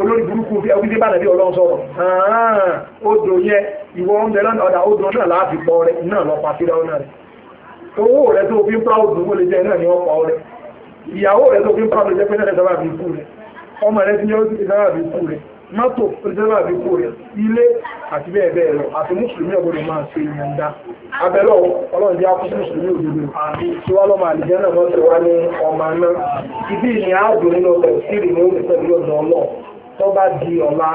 olórí burúkú bí ẹwí débà nàbí ọlọ́run sọ̀rọ̀ ààrùn odò yẹn ìwọ oúnjẹ lọ́nà ọ̀dà odò náà láti pọ̀ rẹ náà lọ pa síra ọ̀nà rẹ owó rẹ tó fi ń pa odò ó lè jẹ náà ní ọ̀pọ̀ rẹ ìyàwó rẹ tó fi ń pa odò jẹ pé náà sábà fi kú rẹ ọmọ rẹ ti ní ó ti sábà fi kú rẹ mọ́tò sábà fi kú rẹ ilé àti bẹ́ẹ̀ bẹ́ẹ̀ lọ àti mùsùlùmí ọ̀gbọ́dọ̀ máa ṣe ìyànda abẹ́lọ́ ọlọ́run jẹ́ akú mùsùlùmí òdodo tí wọ́n lọ́mọ àlìjẹ́ náà mọ́ sí wa ní ọmọ náà ibi ìyìn àádùn nínú ọ̀sẹ̀ sí ìrìn ní oṣù tẹ̀lé ọ̀dọ̀ tó bá di ọ̀la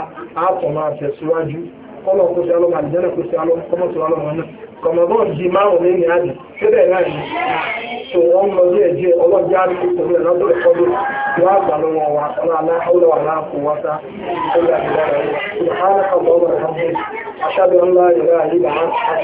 àtọ̀ máa tẹ̀síwájú kọ́lọ̀ kó sí alọ́mọ àdìjẹ́nà kó sí alọ́mọ kọ́mọ́ sí alọ́mọ náà kọ̀mọ̀bọ̀ di márùn ní ní àdì síbẹ̀ náà tó wọ́n lọ ẹ̀jẹ̀ ọlọ́jà lọ́dọ̀ ìkọlù lọ́wọ́ wa ọlọ́lá ọlọ́wà náà wá sá ọlọ́wà náà